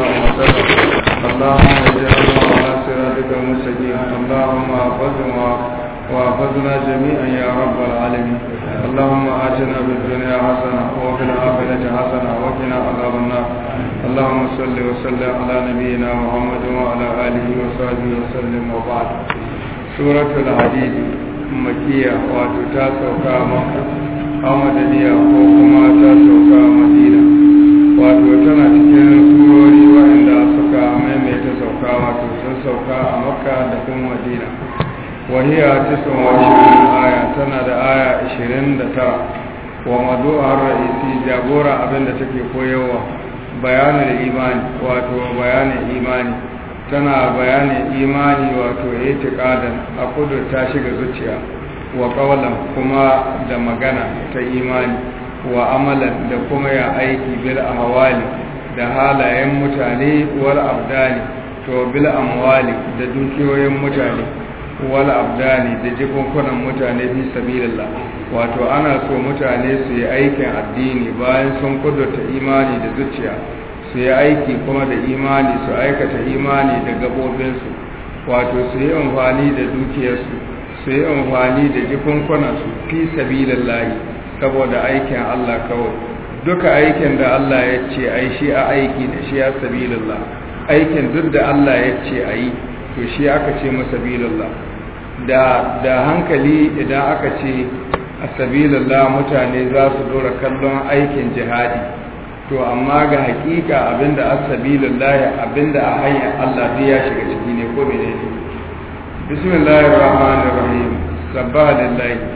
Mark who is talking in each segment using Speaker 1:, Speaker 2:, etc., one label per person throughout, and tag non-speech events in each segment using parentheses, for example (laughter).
Speaker 1: وعزة ومسرة اللهم اجعلنا على صراطك
Speaker 2: المستقيم اللهم احفظنا واحفظنا جميعا يا رب العالمين اللهم آتنا في الدنيا حسنة وفي الآخرة حسنة وقنا عذاب النار اللهم صل وسلم على نبينا محمد وعلى آله وصحبه وسلم وبعد سورة الحديد مكية وتتاسوكا مكة أو مدنية وكما تاسوكا مدينة وتتنا تكين سورة suka maimaita sauka wato sun sauka a makka da kuma madina wahiya tisan washirin aya tana da aya 29 wa madu'ar ra'isi jagora abinda take koyarwa bayanin imani wato bayanin imani tana bayanin imani wato itiqadan a kudur ta shiga zuciya wa kawalan kuma da magana ta imani wa amalan da kuma ya aiki bil hawali da halayen mutane wal abdani to bil amwali da dukiyoyin mutane
Speaker 1: wal abdani da jikunkunan mutane fi sabilillah wato ana so mutane su yi aikin addini bayan sun kudurta imani da zuciya su yi aiki kuma da imani su aikata imani da gabobinsu
Speaker 2: wato su yi amfani da dukiyarsu su yi amfani da jikunkunansu fi sabilillah saboda aikin Allah kawai duka aikin da Allah ya ce a yi shi a aiki da shi ya sabilillah aikin duk da Allah ya ce a yi to shi aka ce masabilillah da da hankali idan aka ce a sabilillah mutane za su dora kallon aikin jihadi to amma ga hakika abinda a sabilillah abinda a hanyar Allah ya shiga ciki ne ko menene bismillahir rahmanir rahim sabbaha lillahi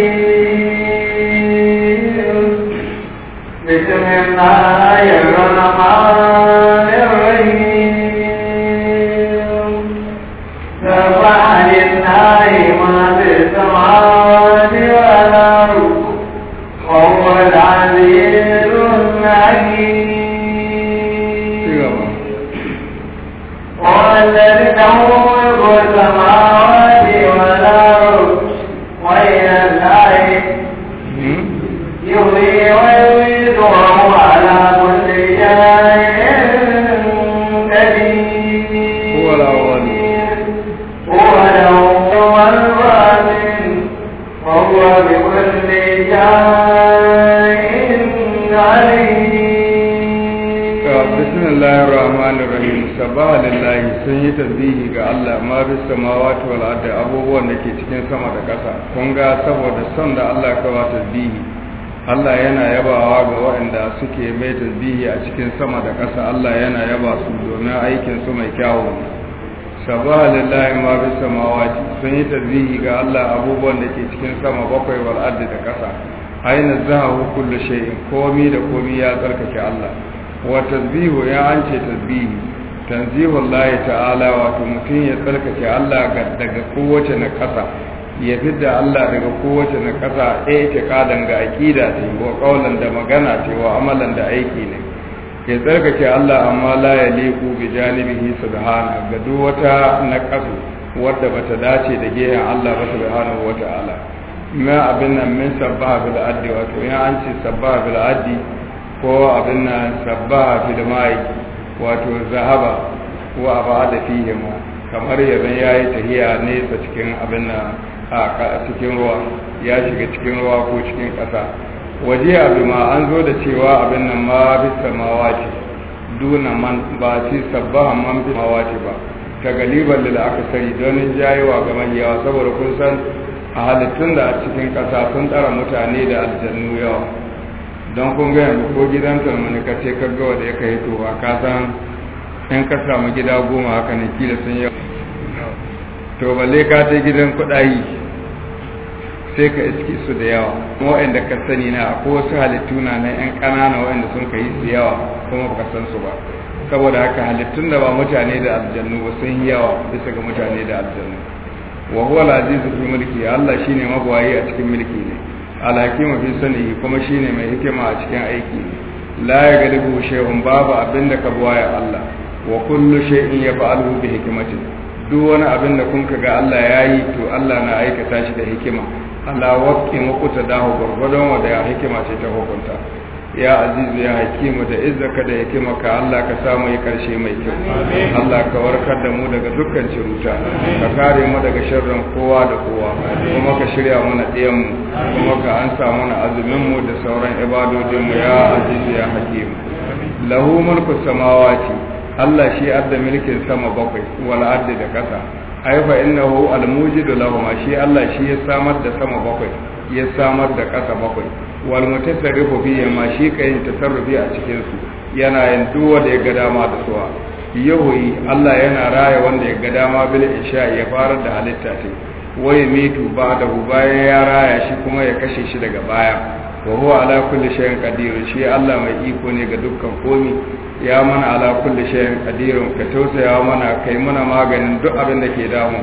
Speaker 2: suke mai tasbihi a cikin sama da ƙasa Allah yana yaba su domin aikin su mai kyawu
Speaker 1: sabaha lillahi ma fi samawati sun yi tasbihi ga Allah abubuwan da ke
Speaker 2: cikin sama bakwai wal ardi da ƙasa aina zahu kullu shay'in komi da komi ya tsarkake Allah wa tasbihu ya an ce tasbihi tanzihullahi ta'ala wato mutum ya tsarkake Allah daga kowace na ƙasa ya fidda Allah daga kowace na ƙasa ɗaya ta ƙadan ga aƙida ce ko ƙaunar da magana ce wa amalan da aiki ne ke tsarkake Allah amma la ya leku bi janibihi subhana ga duk wata na ƙasu wadda bata dace da gehen Allah ba subhanahu wa ta'ala ma abin nan min sabbaha bil addi wato in an ce sabbaha bil addi ko abin nan sabbaha bil ma'i wato zahaba wa abada fihima kamar ya yayi tahiya nesa cikin abin nan a cikin ruwa ya shiga cikin ruwa ko cikin ƙasa waje abu ma an zo da cewa abin nan ma fi samawa ce duna man ba ci sabbahan man fi samawa ce ba ta da aka akasari don jayewa ga manyawa saboda kun san a halittun da a cikin ƙasa sun tsara mutane da aljannu yawa don kun ga yanzu ko gidan talmani ka ce ka ga wanda ya kai to ka san in ka samu gida goma haka ne kila sun yawa to balle ka ce gidan kuɗayi sai ka iske su da yawa waɗanda ka sani na ko wasu halittu na na yan ƙanana waɗanda sun ka yi su yawa kuma ba ka san su ba saboda haka halittun da ba mutane da aljannu ba sun yawa bisa ga mutane da aljannu wa huwa al aziz fi mulki Allah shine magwayi a cikin mulki ne al fi sanihi kuma shine mai hikima a cikin aiki ne la yaghlibu shay'un babu abinda ka buwaya Allah wa kullu shay'in yaf'aluhu bi hikmatin duk wani abin da kun ga Allah ya yi to Allah na aikata shi da hikima ala waqti mukuta dahu gurgudun wa da hikima ce ta hukunta ya azizu ya hakimu da izzaka da ka Allah ka samu yi karshe mai kyau Allah ka warkar da mu daga dukkan ciruta ka kare mu daga sharrin kowa da kowa kuma ka shirya mana ɗiyan mu kuma ka ansa mana azumin mu da sauran ibadodin mu ya azizu ya hakimu lahu mulku samawati Allah shi adda mulkin sama bakwai wal adda da kasa aifa inna hu al-mujidu lahum shi Allah shi ya samar da sama bakwai ya samar da ƙasa bakwai wal mutasarrifu fi ma shi kayin tasarrufi a cikin su yana yin duwa da ya ga dama da suwa yahuyi Allah yana raya wanda ya ga dama bil isha ya fara da halitta ce wa ba da bayan ya raya shi kuma ya kashe shi daga baya wa huwa ala kulli shay'in qadir shi Allah mai iko ne ga dukkan komi. ya mana ala kulli shay'in qadirun ka tausaya mana kai mana maganin duk abin da ke damu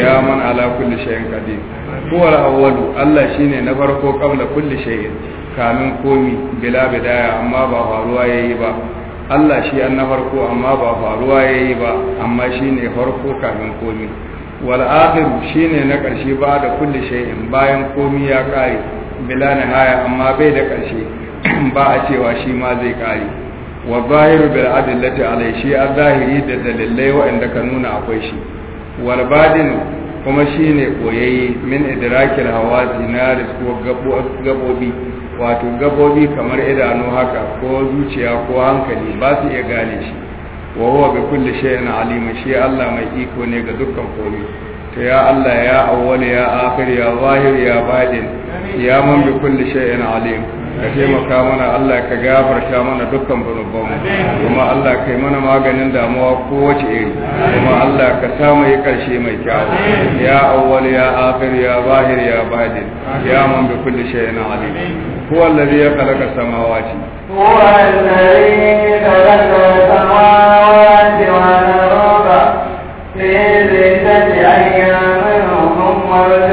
Speaker 2: ya mana ala kulli shay'in qadir huwa al-awwalu Allah shine na farko qabla kulli shay'in kamin komi bila bidaya amma ba faruwa yayi ba Allah shi an na farko amma ba faruwa yayi ba amma shine farko kamin komi wal akhir shine na karshe ba da kulli shay'in bayan komi ya kare bila nihaya amma bai da karshe (clears throat) ba a cewa shi ma zai kare wa zahiru bil adillati alai shi a zahiri da dalilai waɗanda ka nuna akwai shi wal badin kuma shi ne koyayye min idrakil hawazi na risku gabobi wato gabobi kamar idanu haka ko zuciya ko hankali ba su iya gane shi wa huwa bi kulli shay'in alim shi Allah mai iko ne ga dukkan komai to ya Allah ya awwal ya akhir ya zahir ya badin ya man bi kulli shay'in alim ka taimaka mana Allah ka gafarta mana dukkan zunubanmu kuma Allah kai mana maganin damuwa kowace iri kuma Allah ka samu yi karshe mai kyau ya awwal ya akhir ya zahir ya badin ya man bi kulli shay'in alim huwa alladhi khalaqa samawati huwa alladhi khalaqa samawati wal arda
Speaker 1: fi sittati ayyamin thumma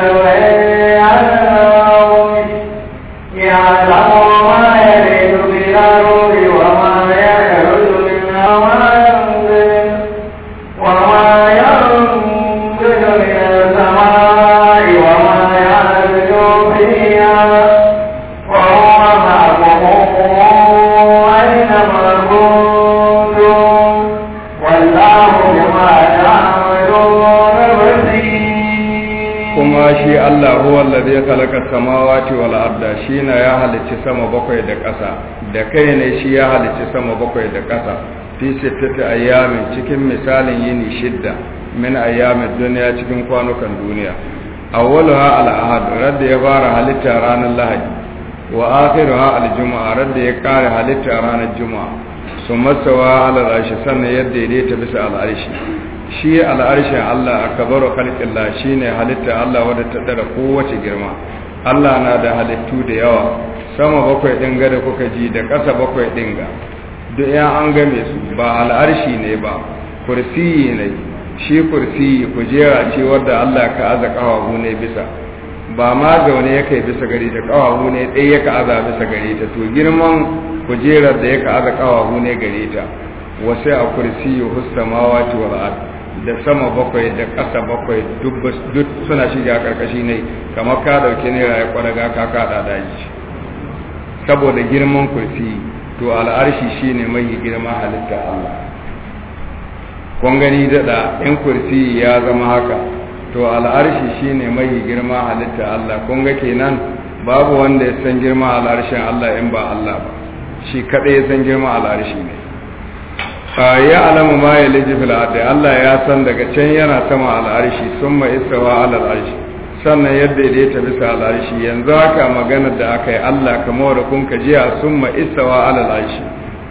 Speaker 2: samawati wal arda na ya halicci sama bakwai da ƙasa da kai ne shi ya halicci sama bakwai da ƙasa fi sittati ayyamin cikin misalin yini shidda min ayyamin duniya cikin kwanukan duniya awwaluha al ahad radda ya fara halitta ranar lahadi wa akhiruha al juma'a radda ya kare halitta ranar juma'a sun masawa ala arshi sannan ya daidaita bisa al'arshi shi arshi Allah a khalqillah shine halitta Allah wadda ta dara kowace girma Allah na da halittu da yawa sama bakwai ɗin ga da kuka ji da ƙasa bakwai ɗin ga duk ya an game su ba al'arshi ne ba kursiyi ne shi kursiyi kujera ce wadda Allah ka aza ƙawahu ne bisa ba ma zaune ya kai bisa gari da ƙawahu ne ɗaya ya ka aza bisa gari ta to girman kujerar da ya ka aza ƙawahu ne gari ta wasu a kursiyi hustamawa ce wal'ad da sama bakwai da ƙasa bakwai duk suna shiga ƙarƙashi ne kamar ka ɗauki naira ya ƙwaraga ka da shi saboda girman kursi to al'arshi shine mai girma halitta Allah kun gani dada in kursi ya zama haka to al'arshi shine mai girma halitta Allah kun ga kenan babu wanda ya san girma al'arshin Allah in ba Allah ba shi kadai ya san girma al'arshi ne ya alamu ma ya liji fil Allah ya san daga can yana sama al'arshi sun ma istawa ala al'arshi sannan yadda ya ta bisa al'arshi yanzu haka maganar da aka yi Allah kamar da kun ji sun ma istawa ala al'arshi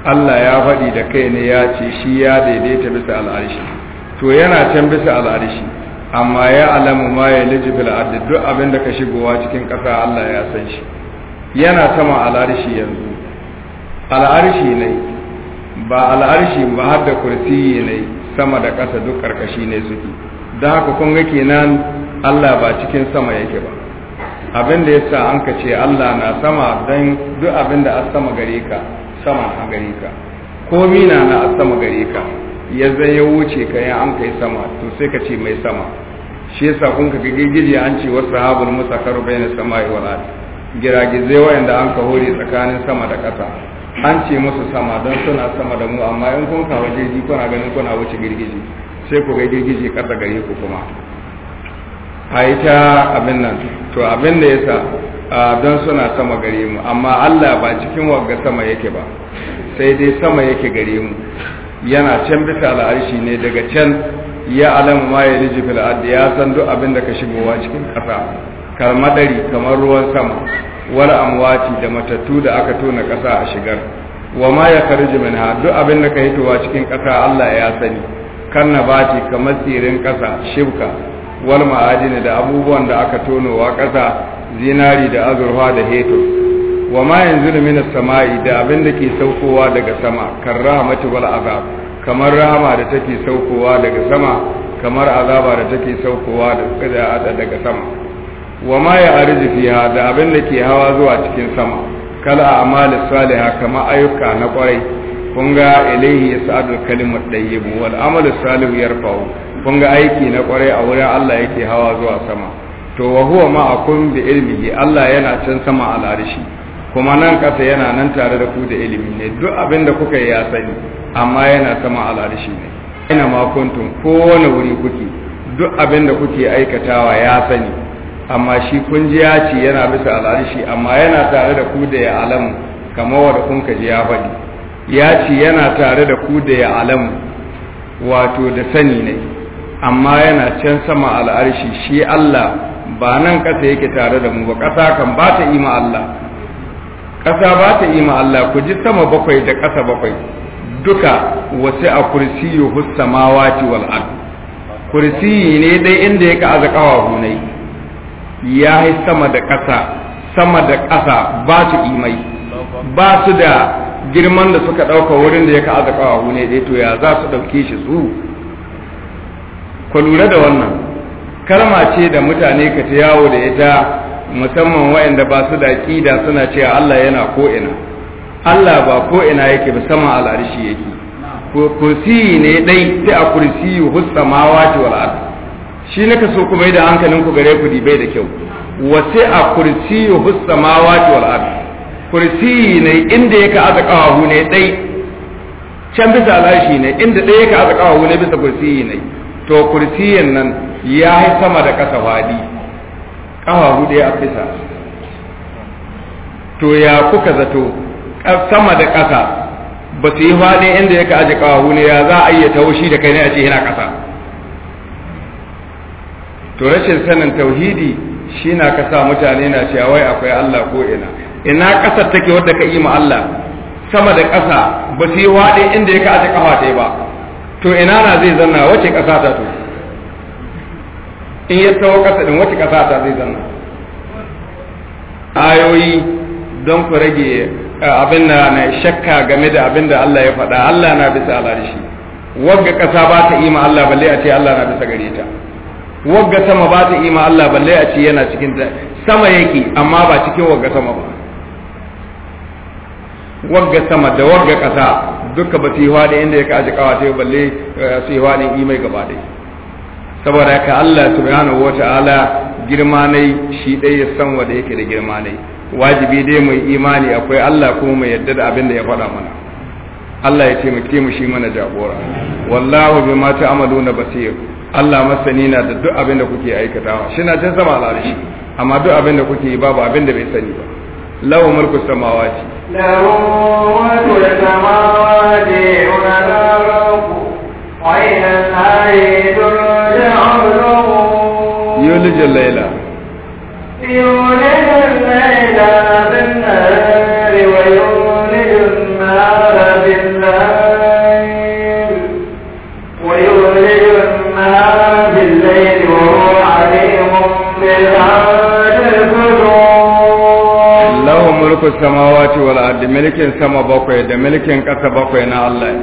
Speaker 2: Allah ya faɗi da kai ne ya ce shi ya daidaita bisa al'arshi to yana can bisa al'arshi amma ya alamu ma ya liji fil duk abin da ka shigowa cikin ƙasa Allah ya san shi yana sama al'arshi yanzu al'arshi ne ba al'arshi ba har da kursi ne sama da ƙasa duk ƙarƙashi ne suke don haka kun ga kenan Allah ba cikin sama yake ba abin da yasa an ka ce Allah na sama don duk abin da a sama gare ka sama a gare ka komi na na a sama gare ka ya zai ya wuce ka yan an kai sama to sai ka ce mai sama
Speaker 1: shi yasa kun ka gigirgije an ce wasu sahabul musakaru bayan sama'i wal ard giragizai wayanda an ka hore tsakanin sama da ƙasa an ce musu sama don suna sama da mu amma in kun kawo jirgi kuna ganin kuna wuce girgiji
Speaker 2: sai ku ga girgiji gare ku kuma a yi ta abin nan to abin da yasa don suna sama gare mu amma Allah ba cikin wagga sama yake ba sai dai sama yake gare mu yana can bisa al'arshi ne daga can ya alamu ma ya liji ya san duk abin da ka shigowa cikin ƙasa kalmadari kamar ruwan sama wal amwati da matattu da aka tona ƙasa a shigar wa ma ya karji min duk abin da ka hitowa cikin ƙasa Allah ya sani kan nabati kamar tsirin ƙasa shibka wal ma'adini da abubuwan da aka tonowa ƙasa zinari da azurfa da heto wa ma yanzu min samai da abin da ke saukowa daga sama kan wal azab kamar rahama da take saukowa daga sama kamar azaba da take saukowa daga sama wa ma ya arji fiha da abin da ke hawa zuwa cikin sama kala amal Saliha, kama ayyuka na kwarai kun ga ilaihi yas'adu kalimut tayyib wal amalu salihu yarfa'u kun ga aiki na kwarai a wurin Allah yake hawa zuwa sama to wa huwa akun bi ilmihi Allah yana can sama al arshi kuma nan kasa yana nan tare da ku da ilimi ne duk abin da kuka yi ya sani amma yana sama al arshi ne ina ma kuntum kowane wuri kuke
Speaker 1: duk abin da kuke aikatawa ya sani amma shi kun ji ya ce yana bisa al'arshi amma yana tare da ku da ya alamu kamar wadda kun ka ji ya
Speaker 2: faɗi
Speaker 1: ya ce yana tare da ku da ya alamu
Speaker 2: wato da sani ne amma yana can sama al'arshi shi Allah ba nan ƙasa yake tare da mu ba ƙasa kan ba ta ima Allah ƙasa ba ta ima Allah ku ji sama bakwai da ƙasa bakwai duka wasu a kursiyu hussamawati wal kursiyi ne dai inda ya aza ƙawa hunai ya yi sama da ƙasa sama da ƙasa ba su imai ba su da girman da suka ɗauka wurin da ya ka aza ƙawahu ne dai eh, to ya za su ɗauke shi su ku lura da wannan kalma ce da mutane ka ta yawo da ita musamman waɗanda ba su da ƙida suna cewa Allah yana ko'ina Allah ba ko'ina yake ba sama al'arishi yake kursi ne ɗai sai a kursiyi hussamawa ce wal'adu shi naka so ku mai da hankalin ku gare ku dibai da kyau wasi a kursiyu hussamawati wal ard kursiyi ne inda yake aza kawahu ne dai can bisa lashi ne inda dai yake aza kawahu ne bisa kursiyi ne to kursiyin nan ya yi sama da kasa wadi kawahu dai a bisa to ya kuka zato sama da kasa ba su yi faɗin inda yake aje kawahu ne ya za a iya tawo shi da kai ne a ce yana kasa to rashin sanin tauhidi shi na ka sa mutane na cewa wai akwai Allah ko ina ina ƙasar take wadda ka yi ma Allah sama da ƙasa ba su yi waɗe inda ya aje ƙafa ta ba to ina na zai zanna wace ƙasa ta to in ya tawo ƙasa din wace ƙasa ta zai zanna ayoyi don ku rage eh, abin da na shakka game da abin da Allah ya faɗa Allah na bisa shi. wagga ƙasa ba ta yi ma Allah balle a ce Allah na bisa gare ta wagga sama ba ta ima Allah balle a ce yana cikin sama yake amma ba cikin wagga sama ba wagga sama da wagga ƙasa duka ba su yi hwadi inda ya kaji kawa ta balle eh, su yi hwadi imai gaba dai saboda ka Allah subhanahu wata ta'ala girma ne shi ɗaya ya san wanda yake da girma ne wajibi dai mai imani akwai Allah kuma mai yadda da abin da ya faɗa mana Allah ya taimake mu shi mana jagora wallahu bima ta'maluna basir Allah masani na da duk abin da kuke aikatawa shi na can sama shi. amma duk abin da kuke babu abin da bai sani ba lawa mulku samawati
Speaker 1: lawa mulku samawati wa al-ardi wa ila al-ardi turja'un yulij al-layla yulij al-layla bin-nahari wa yulij
Speaker 2: samawati wal ardi milkin sama bakwai da milkin ƙasa bakwai na Allah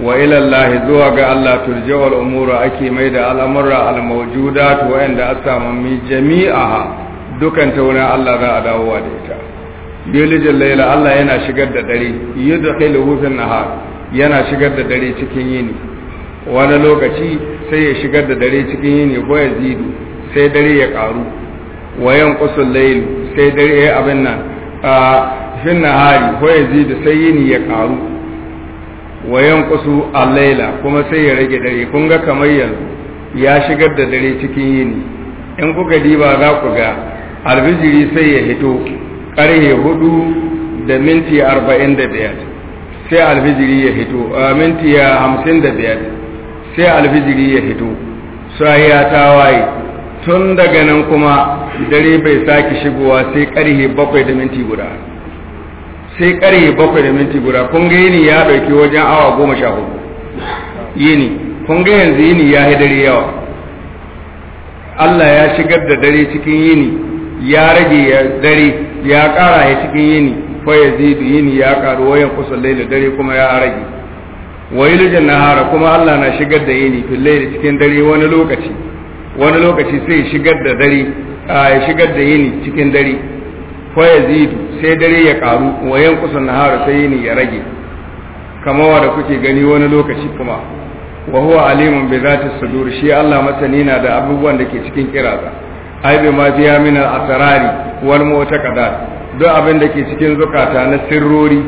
Speaker 2: wa ila zuwa ga Allah turja'ul umura ake mai da al'amura al mawjudat wa inda asama mi jami'a dukan tauna Allah za a dawo da ita yulijin laila Allah yana shigar da dare yudkhiluhu fil nahar yana shigar da dare cikin yini wani lokaci sai ya shigar da dare cikin yini ko ya zidu sai dare ya karu wayan qusul layl sai dare ya abin nan a fin nahari ko ya zidu sai yini ya karu wayan qusu al-laila kuma sai ya rage dare kun ga kamar yanzu ya shigar da dare cikin yini in kuka diba za ku ga albijiri sai ya hito ƙarhe hudu da minti arba'in da biyar sai alfijiri ya hito a minti hamsin da biyar sai alfijiri ya hito sai ya tawaye tun daga nan kuma dare bai sake shigowa sai ƙarhe bakwai da minti guda sai ƙarhe bakwai da minti guda kun ga yini ya ɗauki wajen awa goma sha hudu yini kun ga yanzu yini ya yi dare yawa Allah ya shigar da dare cikin yini ya rage dare ya ƙara ya cikin yini fa zidu yini ya ƙaru wayan kusan laila dare kuma ya rage wa na nahara kuma Allah na shigar da yini fil da cikin dare wani lokaci wani lokaci sai shigar da dare ya shigar da yini cikin dare fa zidu sai dare ya ƙaru wayan kusan nahara sai yini ya rage kama da kuke gani wani lokaci kuma wa huwa alimun bi zati sudur shi Allah masani na da abubuwan da ke cikin kiraza ai bi ma biya min al-asrari wal kada duk abin da ke cikin zukata na sirrori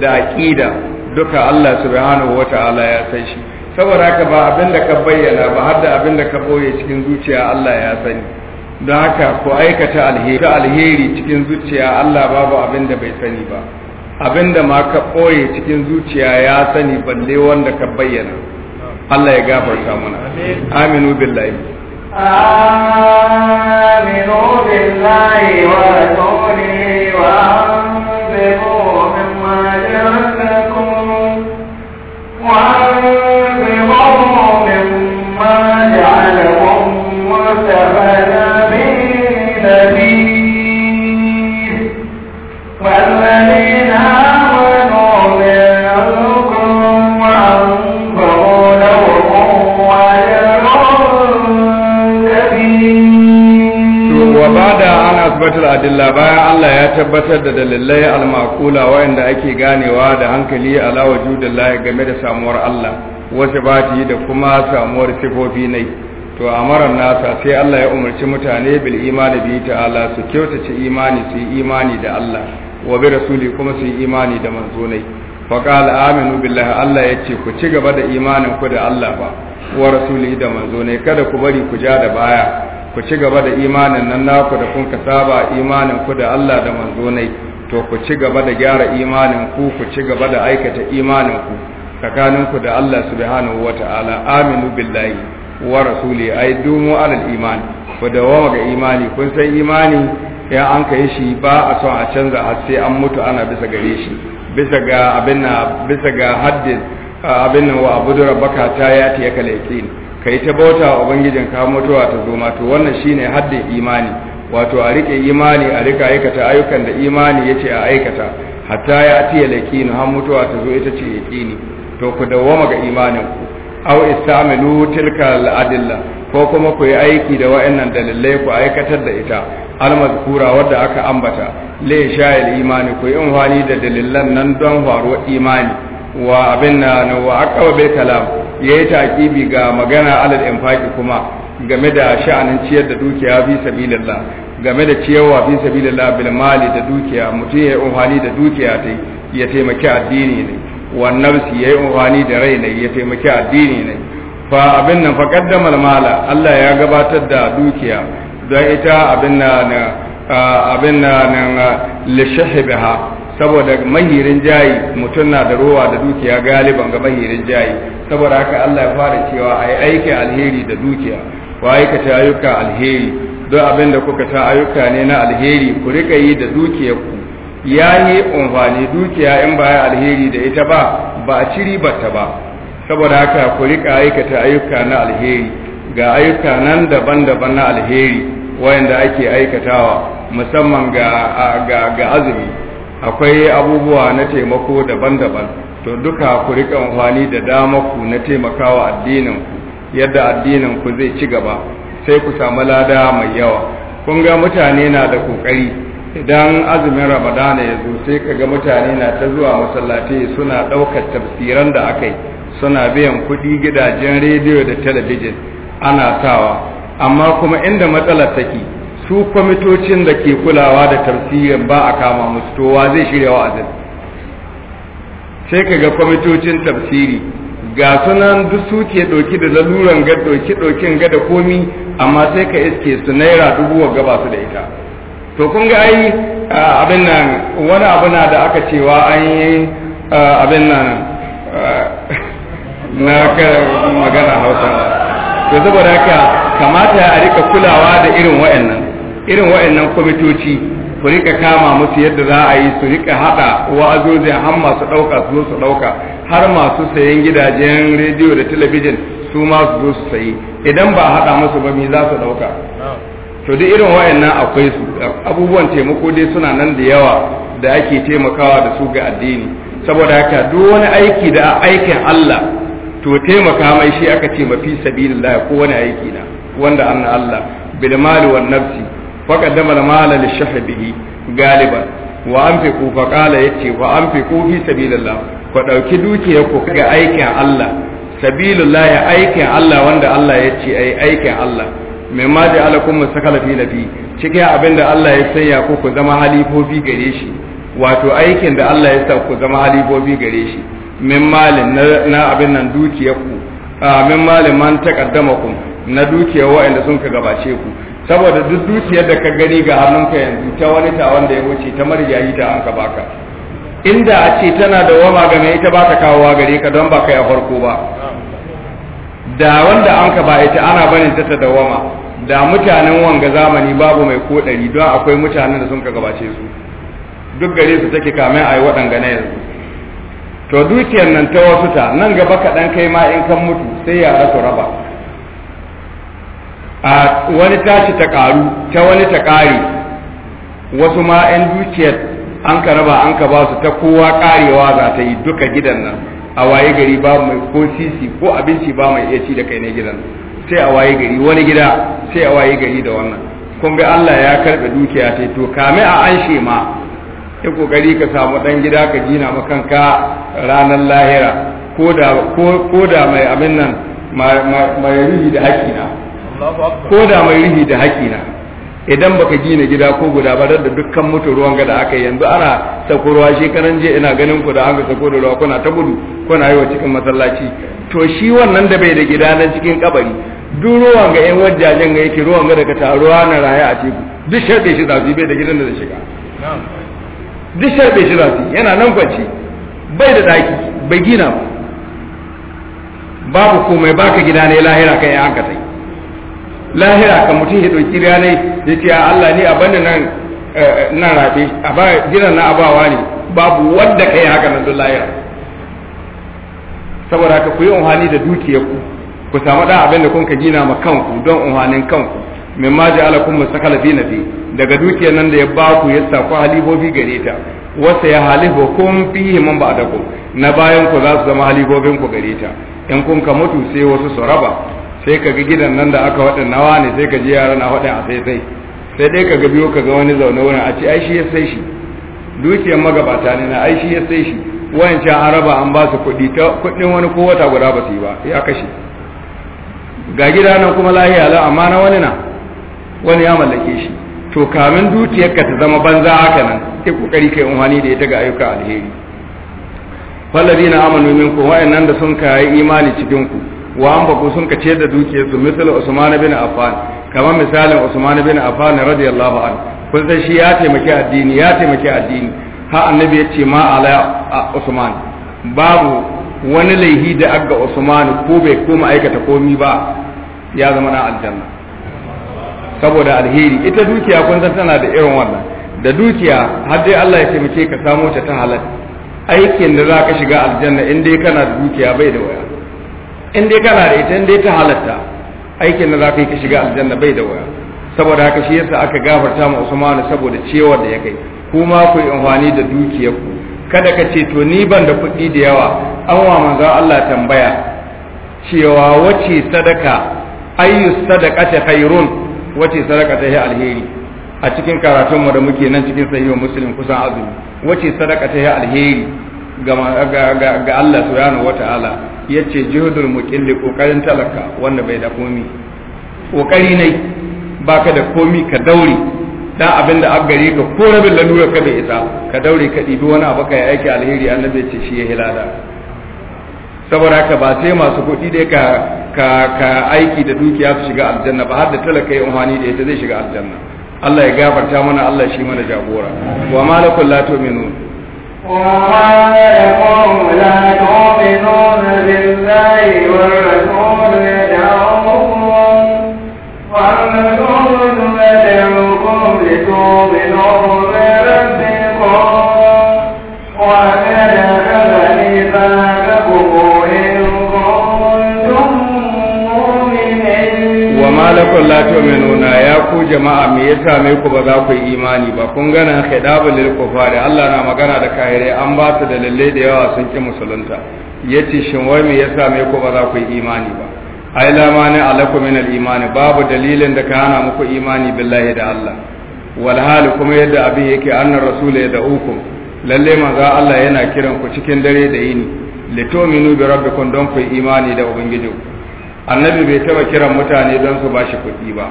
Speaker 2: da aqida duka Allah subhanahu wata'ala ya san shi saboda haka ba abin da ka bayyana ba har da abin da ka boye cikin zuciya Allah ya sani don haka ko aikata alheri alheri cikin zuciya Allah babu abin da bai sani ba abin da ma ka boye cikin zuciya ya sani balle wanda ka bayyana Allah ya gafarta mana aminu billahi
Speaker 1: آمنوا بالله ورسوله
Speaker 2: tabbatar da dalilai al wayanda wanda ake ganewa da hankali ala wujudillahi game da samuwar Allah wasu yi da kuma samuwar sifofi ne to amaran nasa sai Allah ya umarci mutane bil imani bi ta'ala su kyautace imani su yi imani da Allah wa bi rasuli kuma su yi imani da manzonai fa qala aminu billahi Allah yace ku ci gaba da imanin ku da Allah ba wa rasuli da manzonai kada ku bari ku ja da baya ku ci gaba da imanin nan naku da kun ka saba imanin ku da Allah da manzo nai, to ku ci gaba da gyara imanin ku ku ci gaba da aikata imanin ku tsakanin ku da Allah subhanahu wata'ala aminu billahi wa rasuli ai dumu alal iman ku dawama ga imani kun san imani ya an kai shi ba a son a canza har sai an mutu ana bisa gare shi bisa ga abin bisa ga haddin abin wa abudu rabbaka ta yati yakal kai ta bauta wa ubangijin ka mutuwa ta zo mato to wannan shine haddin imani wato a rike imani a rika aikata ayyukan da imani yace a aikata hatta ya atiya lakinu har mutuwa ta zo ita ce yaqini to ku dawwama ga imanin ku aw istamilu tilka al ko kuma ku yi aiki da wa'annan dalilai ku aikatar da ita al-mazkura wadda aka ambata la sha'il imani ku yin amfani da dalilan nan don faruwar imani wa abin na wa aqwa bil kalam ya yi taƙibi ga magana alal infaki kuma game da sha'anin ciyar da dukiya fi sabilillah game da ciyarwa fi sabilillah bil mali da dukiya mutum ya yi umhani da dukiya ta ya taimaki addini ne wannan su ya yi umhani da rai ne ya taimaki addini ne fa abin nan fa qaddama mala Allah ya gabatar da dukiya don ita abin nan ah, abin nan ah, lishahibaha saboda mahirin jayi mutum na da rowa da dukiya galiban ga mahirin jayi saboda haka Allah ya fara cewa a yi aikin alheri da dukiya ku aikata ayyuka alheri don abin da kuka ta ayyuka ne na alheri ku rika yi da dukiya ku ya yi umfani dukiya in ba ya alheri da ita ba ba a ci ta ba saboda haka ku rika aikata ayyuka na alheri ga ayyuka nan daban-daban na alheri wayanda ake aikatawa musamman ga azumi akwai abubuwa na taimako daban-daban to duka ku riƙa amfani da dama ku na taimakawa addinin ku yadda addinin ku zai ci gaba sai ku samu lada mai yawa kun ga mutane na da kokari idan azumin ramadana ya zo sai ka ga mutane na ta zuwa masallaci suna ɗaukar tafsiran da aka yi suna biyan kuɗi gidajen rediyo da talabijin ana sawa amma kuma inda matsalar take su kwamitocin da ke kulawa da tafsirin ba a kama musu to wa zai shirya wa'azin sai ka ga kwamitocin tafsiri ga sunan duk su ke ɗauki da laluran ga ɗauki ɗaukin ga da komi amma sai ka iske su naira dubu wa gaba su da ita to kun ga ai abin nan wani abu na da aka cewa an yi abin nan (laughs) na magana hausa to saboda haka kamata a rika kulawa da irin wa'annan irin wa'annan kwamitoci su rika kama musu yadda za a yi su rika hada wa'azozin har masu dauka su zo su dauka har masu sayan gidajen rediyo da talabijin su ma su zo su sayi idan ba a hada musu ba me za su dauka to duk irin wa'annan akwai su abubuwan taimako dai suna nan da yawa da ake taimakawa da su ga addini saboda haka duk wani aiki da aikin Allah to taimaka mai shi aka ce mafi sabilillah ko wani aiki na wanda ana Allah bil mali wan nafsi faqaddama al-mala lishahbihi galiban wa anfiqu fa qala yace wa anfiqu fi sabilillah ku dauki dukiyar ku ga aikin Allah sabilillah ya aikin Allah wanda Allah yace ai aikin Allah mimma ja'alakum mustakalafi nabi cikin abinda Allah ya sanya ku ku zama halifofi gare shi wato aikin da Allah ya sa ku zama halifofi gare shi min malin na abin nan dukiyar ku min malin man taqaddamakum na dukiya waɗanda sun ka gabace ku saboda duk dukiyar da ka gani ga hannunka yanzu ta wani ta wanda ya wuce ta yi ta anka baka inda a ce tana da wama game ita ba ta kawowa gare ka don ba ka ya farko ba da wanda an ka ba ita ana barin ta da wama, da mutanen wanga zamani babu mai ko ɗari don akwai mutanen da sun ka gabace su duk gare su take kamin a yi waɗanga na yanzu to dukiyar nan ta wasu ta nan gaba kaɗan kai ma in kan mutu sai yara su raba a wani tashi ta karu ta wani ta kare wasu ma 'yan dukiyar an ka raba an ka ba su ta kowa karewa za ta yi duka gidan nan a waye gari ba mai ko sisi ko abinci ba mai iya da kai ne gidan sai a waye gari wani gida sai a waye gari da wannan kun ga Allah ya karbe dukiya ta to kame a anshe ma ya kokari ka samu dan gida ka gina ma kanka ranar lahira ko da ko da mai abin nan mai rihi da hakina. ko da mai rihi da haƙi na idan baka gina gida ko guda ba da dukkan mutu ruwan gada da aka yi yanzu ana sako ruwa shekaran je ina ganin ku da hanga sako da ruwa kuna ta gudu kuna yi wa cikin masallaci to shi wannan da bai da gida na cikin kabari duk ruwan ga yan wajajen ga yake ruwan ga daga ruwa na raya a teku duk sharbe shi zafi bai da gidan da shiga duk sharbe shi zafi yana nan kwance bai da daki bai gina ba babu komai baka gida ne lahira kai an ka sai lahira kan mutum ya ɗauki ranai ya ce Allah ni abin nan eh, eh, nan rafe a ba na abawa ne babu wanda kai haka nan don lahira saboda ka ku yi unhani da dukiyarku ku samu ɗan abin da kun ka gina ma kanku don unhanin kanku min ma alakun kun musakala fi daga dukiyar nan da ya ba ku ya saku ku halifofi gare ta wasa ya halifa kun ba man ba'dakum na bayan ku za su zama halifofin ku gare ta in kun ka mutu sai wasu su raba sai ka ga gidan nan da aka waɗin nawa ne sai ka ji yara na waɗin a sai sai sai dai ka ga biyu ka ga wani zaune wurin a ce ai shi ya sai shi dukiyar magabata ne na ai shi ya sai shi wancan an raba an ba su kuɗi ta kuɗin wani ko wata guda ba su yi ba ya kashe ga gida nan kuma lahiya la amma na wani na wani ya mallake shi to kamin dukiyar ka ta zama banza haka nan sai kokari kai umhani da ita ga ayyuka alheri falladina amanu minkum wa'annan da sun kai imani cikin ku وان an baku sun kace da dukiyarsu misal Usman bin Affan kamar misalin Usman bin Affan radiyallahu an kun san shi ya taimaki addini ya taimaki addini ha annabi ya Usman babu wani laihi da agga Usman ko bai koma aikata komi ba ya zama na aljanna saboda alheri ita dukiya kun san tana da irin wannan da dukiya har dai Allah ya taimake ka samo ta ta halal aikin da za ka shiga aljanna in dai kana da dukiya bai da waya in dai kana da ita in dai ta halatta aikin na za ka shiga aljanna bai da waya saboda haka shi yasa aka gafarta ma Usman saboda cewa da ya kai kuma ku yi amfani da dukiyar ku kada ka ce to ni ban da kuɗi da yawa an wa manzo Allah tambaya cewa wace sadaka ayyu sadaqati khairun wace sadaka ta alheri a cikin karatun mu da muke nan cikin sahihu muslim kusan azumi wace sadaka ta alheri ga ga ga Allah subhanahu wataala yace juhudul muqilli kokarin talaka wanda bai da komi kokari ne baka da komi ka daure da abin da gare ka ko rabin lalura ka da ita ka daure ka ɗibi wani abu ka yi aiki alheri annabi ya ce shi ya hilada saboda haka ba sai masu kuɗi dai ka ka ka aiki da dukiya su shiga aljanna ba har da talaka ya umhani da ita zai shiga aljanna Allah ya gafarta mana Allah shi mana jagora wa malakul la tu'minun
Speaker 1: وقال قوم لا تؤمنون بالله والرسول يدعوكم والرسول يدعوكم لتؤمنوا بربكم وما لكم لا تؤمنون ya
Speaker 2: ku jama'a me ya same ku ba za ku yi imani ba kun gana khidabul lil kufari Allah na magana da kahire an ba su lallai da yawa sun ki musulunta yace shin wai me ya same ku ba za ku yi imani ba ai la mani alakum min al imani babu dalilin da ka hana muku imani billahi da Allah wal hal kuma yadda abin yake annar rasul ya uku lalle manzo Allah yana kiran ku cikin dare da yini litominu bi rabbikum don ku yi imani da ubangijinku annabi bai taba kiran mutane don su bashi kuɗi ba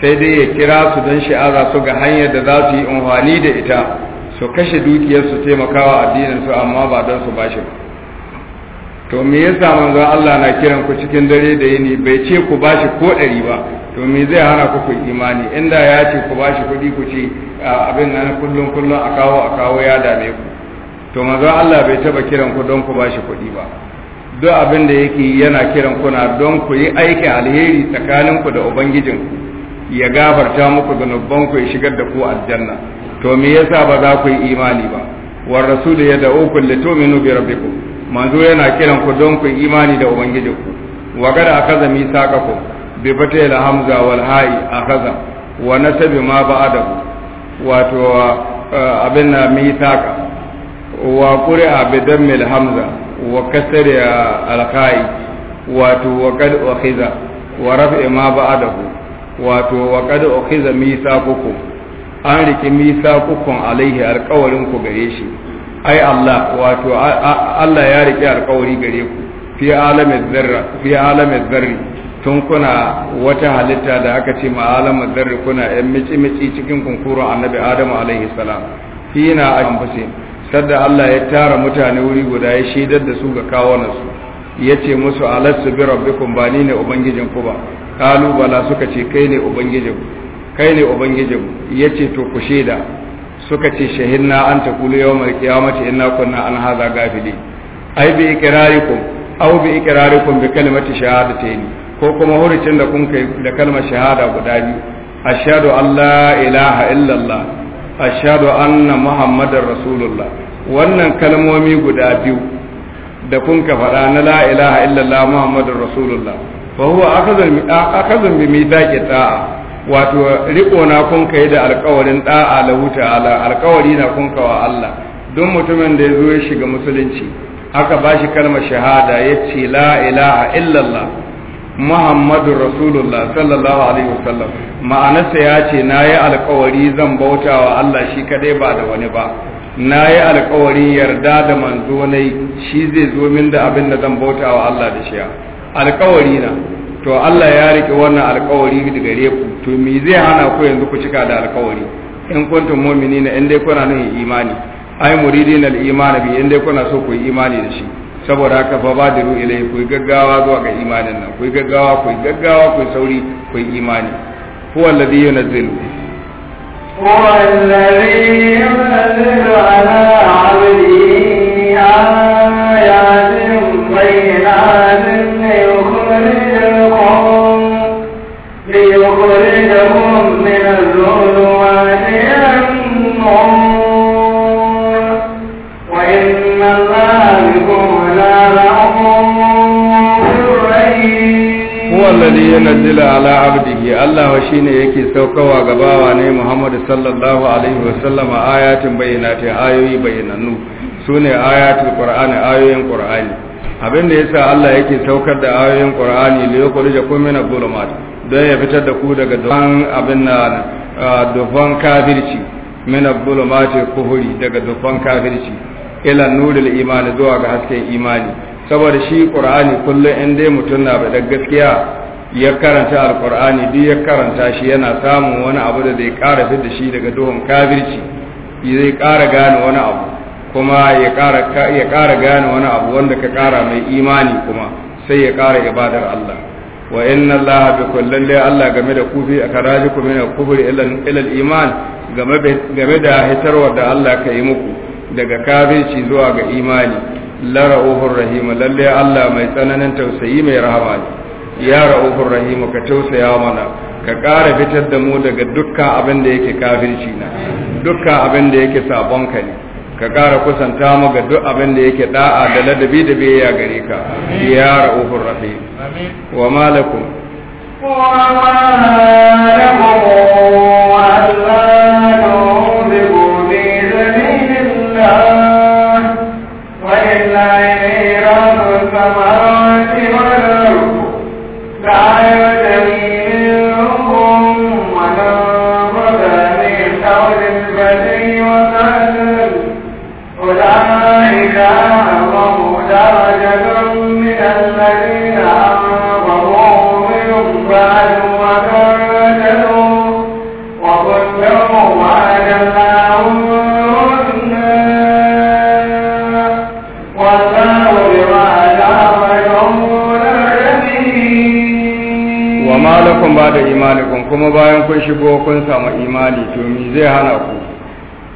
Speaker 2: sai dai ya kira su don sha'aza su ga hanyar da za su yi amfani da ita su kashe dukiyarsu su taimakawa addinin su amma ba don su bashi ba
Speaker 1: to me ya sa manzon Allah na kiran ku cikin dare da yini bai ce ku bashi ko ɗari ba to me zai hana ku ku imani inda ya ce ku bashi kuɗi ku
Speaker 2: ce abin nan kullum kullum a kawo a kawo ya dame ku to manzon Allah bai taba kiran ku don ku bashi kuɗi ba duk abin da yake yana kiran kuna don ku yi aikin alheri tsakaninku da ubangijinku ya gafarta muku zunubanku ya shigar da ku aljanna to me yasa ba za ku yi imani ba war rasul ya da'u ku litu'minu bi rabbikum manzo yana kiran ku don ku yi imani da ku wa kada akaza misaqakum bi fatil hamza wal ha'i akaza wa nasabi ma ba'adahu wato eh, abin na misaqa wa qur'a bi dammil hamza wa kasri al wato wa kad wa khiza wa raf'i ma ba'adahu wato wa kiza misa kuku an misa kukun alaihi alkawarin ku gare shi ai Allah wato Allah ya rike alkawari gare ku fi alami zarra fi alami zarri tun kuna wata halitta da aka ce ma alami zarri kuna yan mici-mici cikin kunkurun annabi adamu alaihi salam fi na a kamfashe sadda allah ya tara mutane wuri guda ya shaidar da su ga kawonansu ya ce musu alassu bi rabbikum ba ni ne ubangijin ku ba kalu bala suka ce kai ne ubangijin kai ne ubangijin yace to ku shaida suka ce shahinna an ta taqulu yawmal qiyamati inna kunna an haza gafili ai bi ikrarikum aw bi ikrarikum bi kalimati shahadatayn ko kuma hurucin da kun kai da kalmar shahada guda biyu ashhadu an la ilaha illallah ashhadu anna muhammadar rasulullah wannan kalmomi guda biyu da kun ka faɗa na la ilaha illallah muhammadar rasulullah fa huwa akhazun bi mithaqi ta'a wato riko na kun kai da alƙawarin da'a la wuta ala alƙawari na kun kawa Allah don mutumin da ya zo ya shiga musulunci aka bashi kalmar shahada yace la ilaha illallah muhammadur Rasulullah sallallahu Alaihi wasallam ma'anarsa ya ce na yi alkawari zan bautawa Allah shi kadai ba da wani ba na yi alkawari yarda da manzo shi zai zo min da abin da zan bauta wa Allah da shi alkawari na to Allah ya riƙe wannan alkawari da gare ku to me zai hana ku yanzu ku cika da alkawari in kuntum mu'minina in dai kuna nan imani ai muridin al-iman bi in dai kuna so ku yi imani da shi saboda haka fa badiru ilai ku gaggawa zuwa ga imanin nan ku gaggawa ku gaggawa ku sauri ku imani هو الذي ينزل
Speaker 1: هو الذي ينزل على عبده آيات wallazi
Speaker 2: yanzila ala abdihi Allah shine yake saukawa ga bawa ne Muhammad sallallahu alaihi wa sallama ayatin bayyinatin ayoyi bayyanannu sune ayatul qur'ani ayoyin qur'ani abin da yasa Allah yake saukar da ayoyin qur'ani li yukhrijakum min adh-dhulumat don ya fitar da ku daga dufan abin na dufan kafirci min adh-dhulumat kuhuri daga dufan kafirci ila nuril imani zuwa ga hasken imani saboda shi qur'ani kullum in dai mutum na da gaskiya ya karanta alqur'ani duk ya karanta shi yana samun wani abu da zai ƙara fitar da shi daga duhun kafirci zai ƙara gane wani abu kuma ya kara gane wani abu wanda ka kara mai imani kuma sai ya ƙara ibadar Allah wa inna Allah bi kullin la Allah game da kufi a min al-kufri ila al-iman game da hitarwar da Allah ka yi muku daga kafirci zuwa ga imani la ra'ufur rahim lalle Allah mai tsananin tausayi mai rahama ne ya ra'ufur rahim ka tausaya mana ka ƙara fitar da mu daga dukkan abin da yake kafirci na dukkan abin da yake sabon ka ne ka ƙara kusanta mu ga duk abin da yake da'a da ladabi da biyayya gare ka ya ra'ufur rahim wa malakum
Speaker 1: wa ma lakum wa kuma bayan kun
Speaker 2: shigo kun samu imani to mi zai hana ku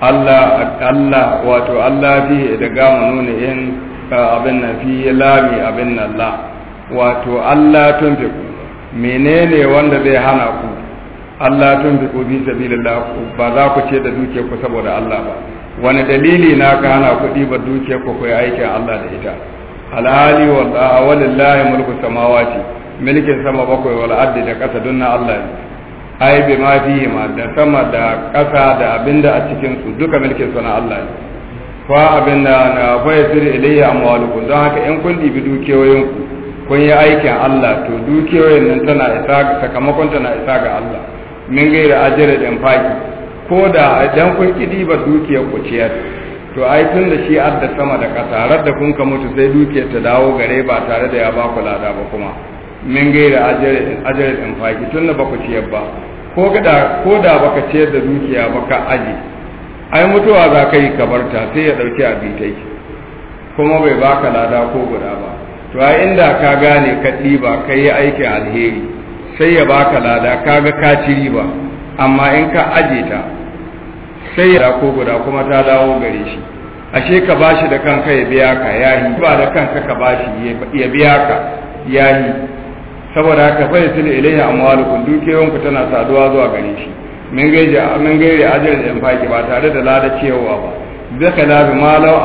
Speaker 2: Allah Allah wato Allah fi da gama nuna in abin na fi lami abin na la wato Allah tun fi ku menene wanda zai hana ku Allah tun fi ku bi sabilillah ba za ku ce da duke ku saboda Allah ba wani dalili na ka hana ku ba duke ku ku aikin Allah da ita alhali wallahi mulku samawati milkin sama bakwai wal ardi da ƙasa dunna Allah ne ai bi ma fi ma da sama da kasa da abinda a cikin su duka mulkin sana Allah ne fa abinda na fayyir ilayya amwalukum don haka in kun dibi dukiyoyin ku kun yi aikin Allah to dukiyoyin nan tana isa ga sakamakon tana isa ga Allah min gaira ajira da infaki ko da idan kun kidi ba dukiyar ku ciyar to ai tun da shi adda sama da kasa da kun ka mutu sai dukiyar ta dawo gare ba tare da ya ba ku lada ba kuma min gaira in faki tun da baka ciyar ba ko da baka ciyar da dukiya baka aji ai mutuwa za ka yi kabarta sai ya ɗauki abitai kuma bai baka lada ko guda ba to a inda ka gane ka ɗiba ka yi aikin alheri sai ya baka lada ka ga ka ci riba amma in ka aje ta sai ya ko guda kuma ta dawo gare shi ashe ka bashi da kanka ya biya ka yayi ba da kanka ka bashi ya biya ka yayi saboda haka fa yasil ilaihi amwalukum dukiyoyinku tana saduwa zuwa gare shi min gaje min gaje yan infaki ba tare da lada cewa ba bi khilafi ma law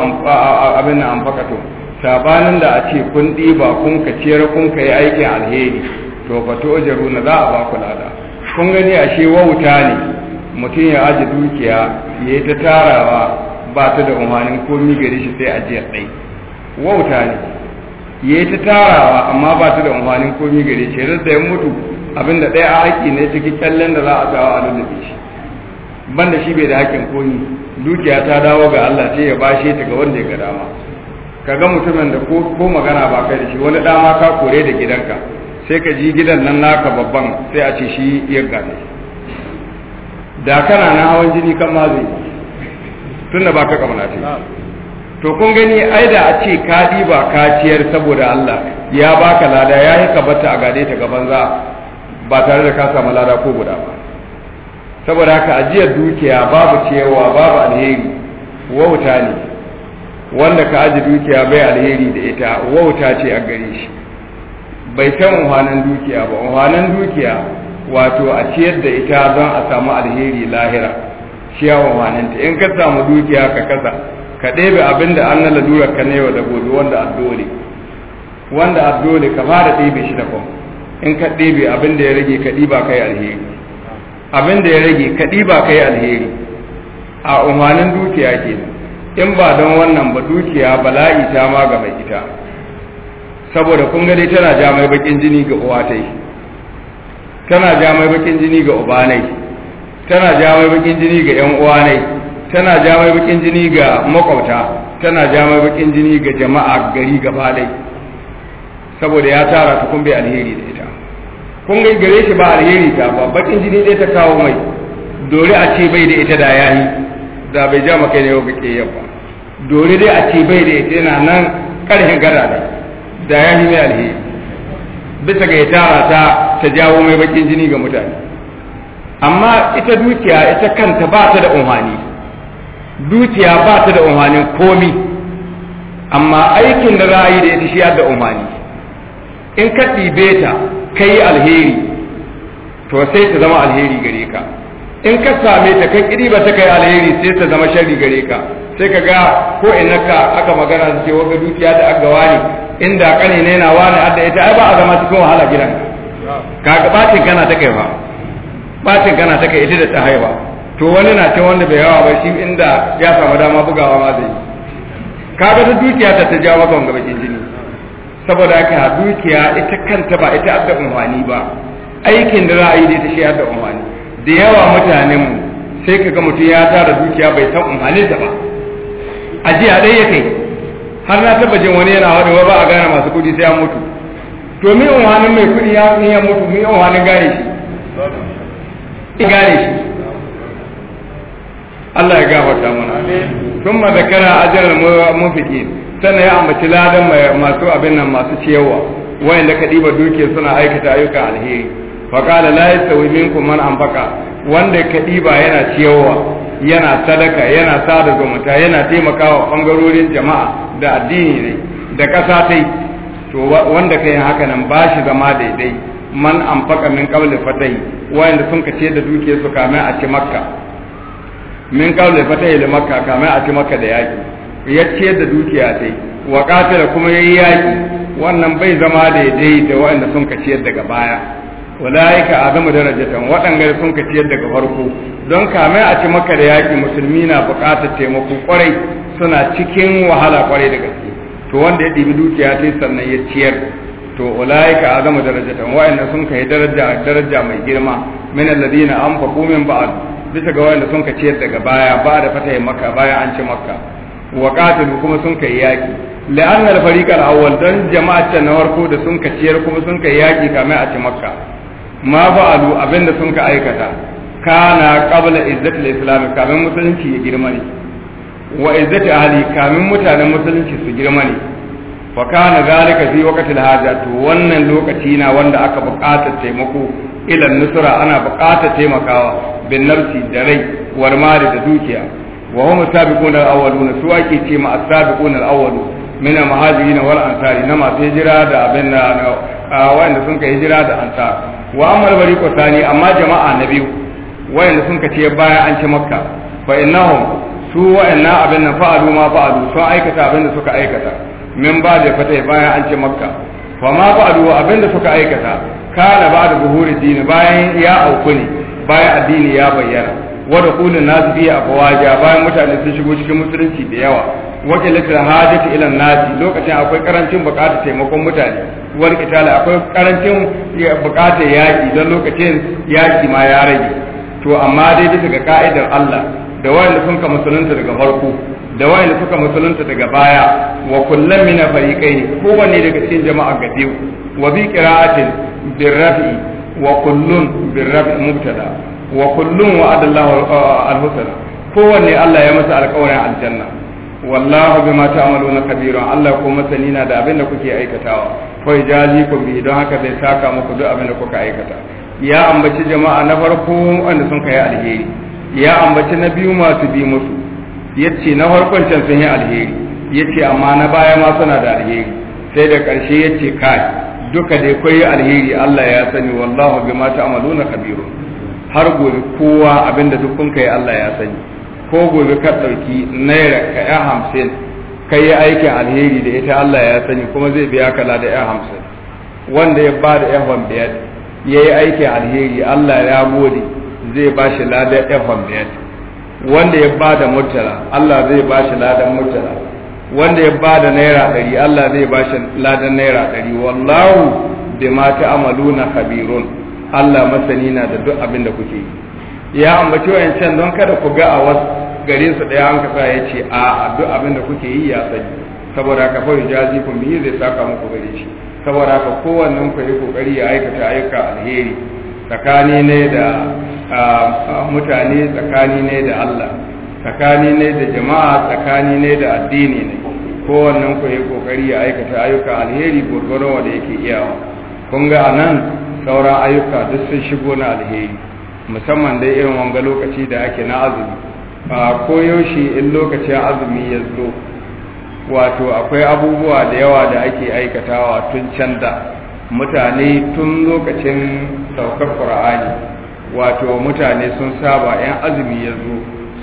Speaker 2: abin anfaqatu sabanin da a ce kun diba kun ka ciyar kun ka yi aikin alheri to fa to na za a ba ku lada kun gani ashe wauta ne mutum ya aje dukiya ya ta tarawa ba ta da umarnin komi gare shi sai ajiyar ɗai wauta ne ya yi ta tarawa amma ba ta da amfanin komi gare shi da ya mutu abinda ɗaya a haƙi ne cikin kyallen da za a sawa a lullube shi banda shi bai da haƙin komi dukiya ta dawo ga Allah ce ya bashe ta ga wanda ya ga dama ga mutumin da ko magana ba kai da shi wani dama ka kore da gidanka sai ka ji gidan nan naka babban sai a ce shi ya gane da kana na hawan jini kan mazi da ba ka kamar to kun gani ai da a ce ka ɗiba ka ciyar saboda Allah ya baka lada ya yi ka bata a gade ta gaban za ba tare da ka samu lada ko guda ba saboda haka ajiyar dukiya babu ciyarwa babu alheri wauta ne wanda ka aji dukiya bai alheri da ita wauta ce a gare shi bai san unhanan dukiya ba unhanan dukiya wato a ciyar da ita don a samu alheri lahira shi ya unhananta in ka samu dukiya ka kasa ka ɗebe abin da an na lalurar ka ne wa da gobe wanda addole wanda addole ka fara ɗebe shi da kwan in ka ɗebe abin da ya rage ka ɗiba kai alheri abin da ya rage ka ɗiba kai alheri a umarnin dukiya ke in ba don wannan ba dukiya bala'i ta ma ga mai ita saboda kun gani tana ja mai bakin jini ga uwa ta tana ja mai bakin jini ga uba tana ja mai bakin jini ga yan uwa tana ja mai bakin jini ga makwabta tana ja mai bakin jini ga jama'a gari gaba dai saboda ya tara ta kun bai alheri da ita kun ga gare shi ba alheri ta ba bakin jini dai ta kawo mai dore a ce bai da ita da yayi da bai ja maka ne ga ke ba dore dai a ce bai da ita yana nan karhin gada ne da yayi mai alheri bisa ga ya tara ta ta jawo mai bakin jini ga mutane amma ita dukiya ita kanta ba ta da umhani dukiya ba ta da umarnin komi amma aikin da za a yi da ita shi da umarni in ka ɗibe ta ka yi alheri to sai ta zama alheri gare ka in ka same ta kai ba ta kai alheri sai ta zama sharri gare ka sai ka ga ko ina ka aka magana su ce wata dukiya da aka wani inda kane ne na wani adda ita ai ba a zama cikin wahala gidan ka ga bacin kana ta kai ba bacin kana ta kai ita da ta haifa to wani na can wanda bai yawa ba shi inda ya samu dama bugawa ma zai kaga ta dukiya ta ta jawo maka gaba jini saboda haka dukiya ita kanta ba ita adda umwani ba aikin da za a yi da ita shi da umwani. da yawa mutanen mu sai kaga mutum ya tara dukiya bai san umwani ta ba a jiya dai ya kai har na taba wani yana wani ba a gane masu kudi sai ya mutu to mi umwani mai kudi ya ya mutu mi umwani gane shi gane shi Allah ya gafarta mana ثم ذكر أجر المنفقين sannan ya ambaci ladan masu abin nan masu cewa wayanda ka duke suna aikata ayyuka alheri fa qala la yastawi minkum man faƙa wanda ka yana cewa yana sadaka yana sada zumunta yana taimakawa bangarorin jama'a da addini ne da kasa tai to wanda ka yi haka nan ba shi zama daidai man faƙa min qabli fatai wayanda sun kace da duke su kamin a ci makka
Speaker 1: min qabla fata li makka kamar a ci makka da yaki ya ciyar da dukiya sai
Speaker 2: wa qatala kuma yayi yaki wannan bai zama daidai da waɗanda sun ka ciyar daga baya walaika azamu darajatan waɗanda sun ka ciyar daga farko don kamar a ci makka da yaki musulmi na buƙatar taimako kwarai suna cikin wahala kwarai da gaske to wanda ya ɗibi dukiya sai sannan ya ciyar to ulaika azamu darajatan wa'anna sun kai daraja daraja mai girma min alladhina anfaqu min ba'd bisa ga wanda sun ka ciyar daga baya ba da fatahin makka baya an ci makka wa qatilu kuma sun kai yaki la'anna al-fariq al-awwal dan jama'a ta na farko da sun ka ciyar kuma sun kai yaki kamar a ci makka ma fa'alu abinda sun ka aikata kana qabla izzat al-islam kamin musulunci ya girma ne wa izzat ahli kamin mutanen musulunci su girma ne fa na zalika fi waqtil haja to wannan lokaci na wanda aka buƙatar taimako ilan nusra ana bukatar taimakawa bin nafsi da rai war mali da dukiya wa hum sabiqun al-awwaluna su ake ce ma as-sabiqun al-awwalun min al-muhajirin wal ansari na masu hijira da abin da wanda sun ka hijira da ansar wa amal bariqu sani amma jama'a na biyu sun ka ce baya an ci su abin nan ma sun aikata abin da suka aikata min ba da fata bayan an ce makka fa ma ba aduwa abinda suka aikata kayana ba da buhuri dini bayan ya auku ne bayan addini ya bayyana wada kulun nasu biya a fawaja bayan mutane sun shigo cikin musulunci da yawa wata littar hajjata ilan nasi lokacin akwai karancin bukatar taimakon mutane wani kitala akwai karancin bukatar yaƙi don lokacin yaƙi ma ya rage to amma dai bisa ga ka'idar Allah da wanda sun ka musulunta daga farko da wani suka musulunta daga baya wa kullum min ne kowanne daga cikin jama'a ga biyu wa bi qira'atin rafi wa kullun rafi mubtada wa kullun wa adallahu uh, al-husna kowanne Allah ya masa alƙawarin aljanna wallahu bima ta'maluna kabirun Allah ko masani na da abin da kuke aikatawa fa ku bi don haka zai saka muku duk abin da kuka aikata ya ambaci jama'a na farko wanda sun kai alheri ya ambaci na biyu masu bi musu yace na farkon can sun yi alheri yace amma na baya ma suna da alheri sai da karshe yace kai duka dai koyi alheri Allah ya sani wallahu bima ta'maluna kabiru har gobe kowa abinda duk kun kai Allah ya sani ko gobe ka dauki naira ka ya hamsin kai yi aikin alheri da ita Allah ya sani kuma zai biya kala da ya hamsin wanda ya ba da ehon biyar ya yi aikin alheri Allah ya gode zai ba shi lada ehon biyar wanda ya ba da Murtala, Allah zai ba shi ladan Murtala, wanda ya ba da naira ɗari Allah zai ba shi ladan naira ɗari wallahu bima ta'maluna khabirun Allah masani na da duk abin da kuke yi ya ambaci wayancan don kada ku ga a wasu gare su daya an kasa ya ce a duk abin da kuke yi ya sani saboda ka fa jazi ku bihi zai saka muku gare shi saboda ka kowannen ku yi kokari ya aikata ayyuka alheri tsakani ne da mutane tsakani ne da Allah tsakani ne da jama'a tsakani ne da addini ne kowannen ku yi kokari ya aikata ayyuka alheri gurgurun wanda yake iyawa kun ga anan sauran ayyuka duk sun shigo na alheri musamman dai irin wanga lokaci da ake na azumi a koyaushe in lokacin azumi ya zo wato akwai abubuwa da yawa da ake aikatawa tun can da mutane tun lokacin saukar qur'ani wato mutane sun saba yan azumi ya zo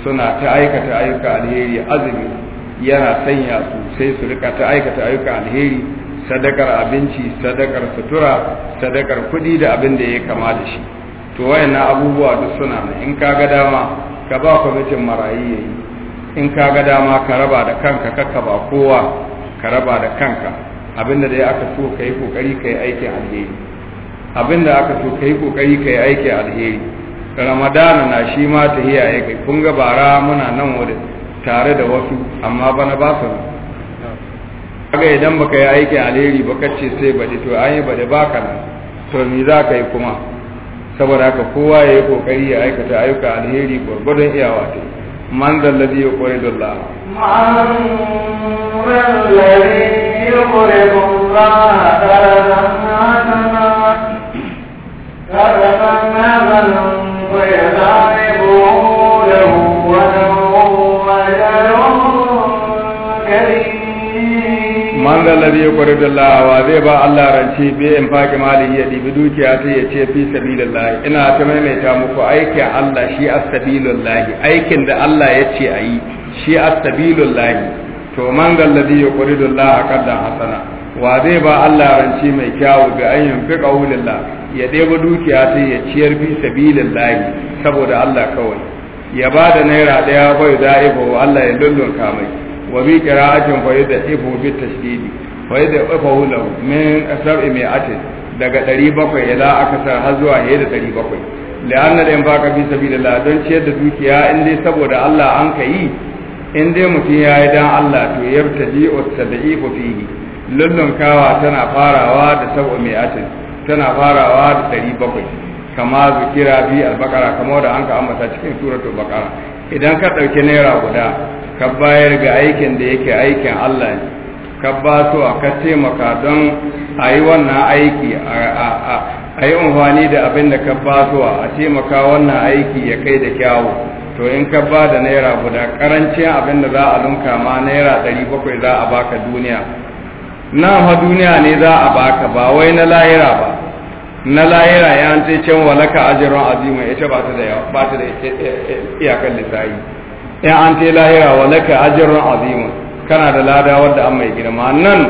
Speaker 2: suna ta aikata ayyuka alheri azumi yana sanya su sai su rika ta aikata ayyuka alheri sadakar abinci sadakar sutura sadakar kuɗi da abin da ya kama da shi to wayannan abubuwa duk suna da in ka ga dama ka ba kwamitin marayi yi in ka ga dama ka raba da kanka kakka ba kowa ka raba da kanka abinda da ya aka so ka yi kokari ka yi aikin alheri abin da aka so kai kokari kai aiki alheri ramadana na shi ma ta yi kai kun ga bara muna nan wurin tare da wasu amma bana ba su kaga idan ka yi aikin alheri ba ce sai baɗi to an yi baɗi baka nan to me za ka yi kuma saboda haka kowa ya yi kokari ya aikata ayyuka alheri gwargwadon iyawa ta man zallazi ya kore
Speaker 1: dalla man zallazi ya kore dalla man da ladi ya kwari da lawa
Speaker 2: zai ba Allah rance bai in faƙi mali ya ɗibi dukiya ta ya ce fi sabilin lahi ina ta maimaita muku aikin Allah shi a sabilin lahi aikin da Allah ya ce a yi shi a sabilin lahi to man da ladi ya kwari da lawa kaddan hasana wa zai ba Allah rance mai kyawu ga ayyan fi qawlillah ya ɗeba dukiya ta ya ciyar bi sabilillah saboda Allah kawai ya ba da naira ɗaya bai ibo wa Allah ya lullunka mai wa bi qira'atin fa yadhibu bi tashdidi fa yadhibu lahu min asab'i mi'atin daga 700 aka akasar har zuwa yayin da 700 la'anna da baka fi sabilillah don ciyar da dukiya in dai saboda Allah an kai in dai mutum yayi dan Allah to yabtadi wa tad'ifu fihi lullunkawa tana farawa da sabo mai atin tana farawa da ɗari bakwai kama zukira bi albakara kama da an ka ambata cikin suratul bakara idan ka ɗauki naira guda ka bayar ga aikin da yake aikin Allah ne ka ba su a ka taimaka don a yi wannan aiki a yi amfani da abin da ka ba su a taimaka wannan aiki ya kai da kyawu to in ka ba da naira guda karancin abin da za a lunka ma naira 700 za a baka duniya nan ha duniya ne za a baka ba wai na lahira ba na lahira ya an ce can walaka ajirun azima ya ce ba ta da eh, eh, iyakan lissayi ya an ce lahira walaka ajirun azima kana da lada wadda an mai girma nan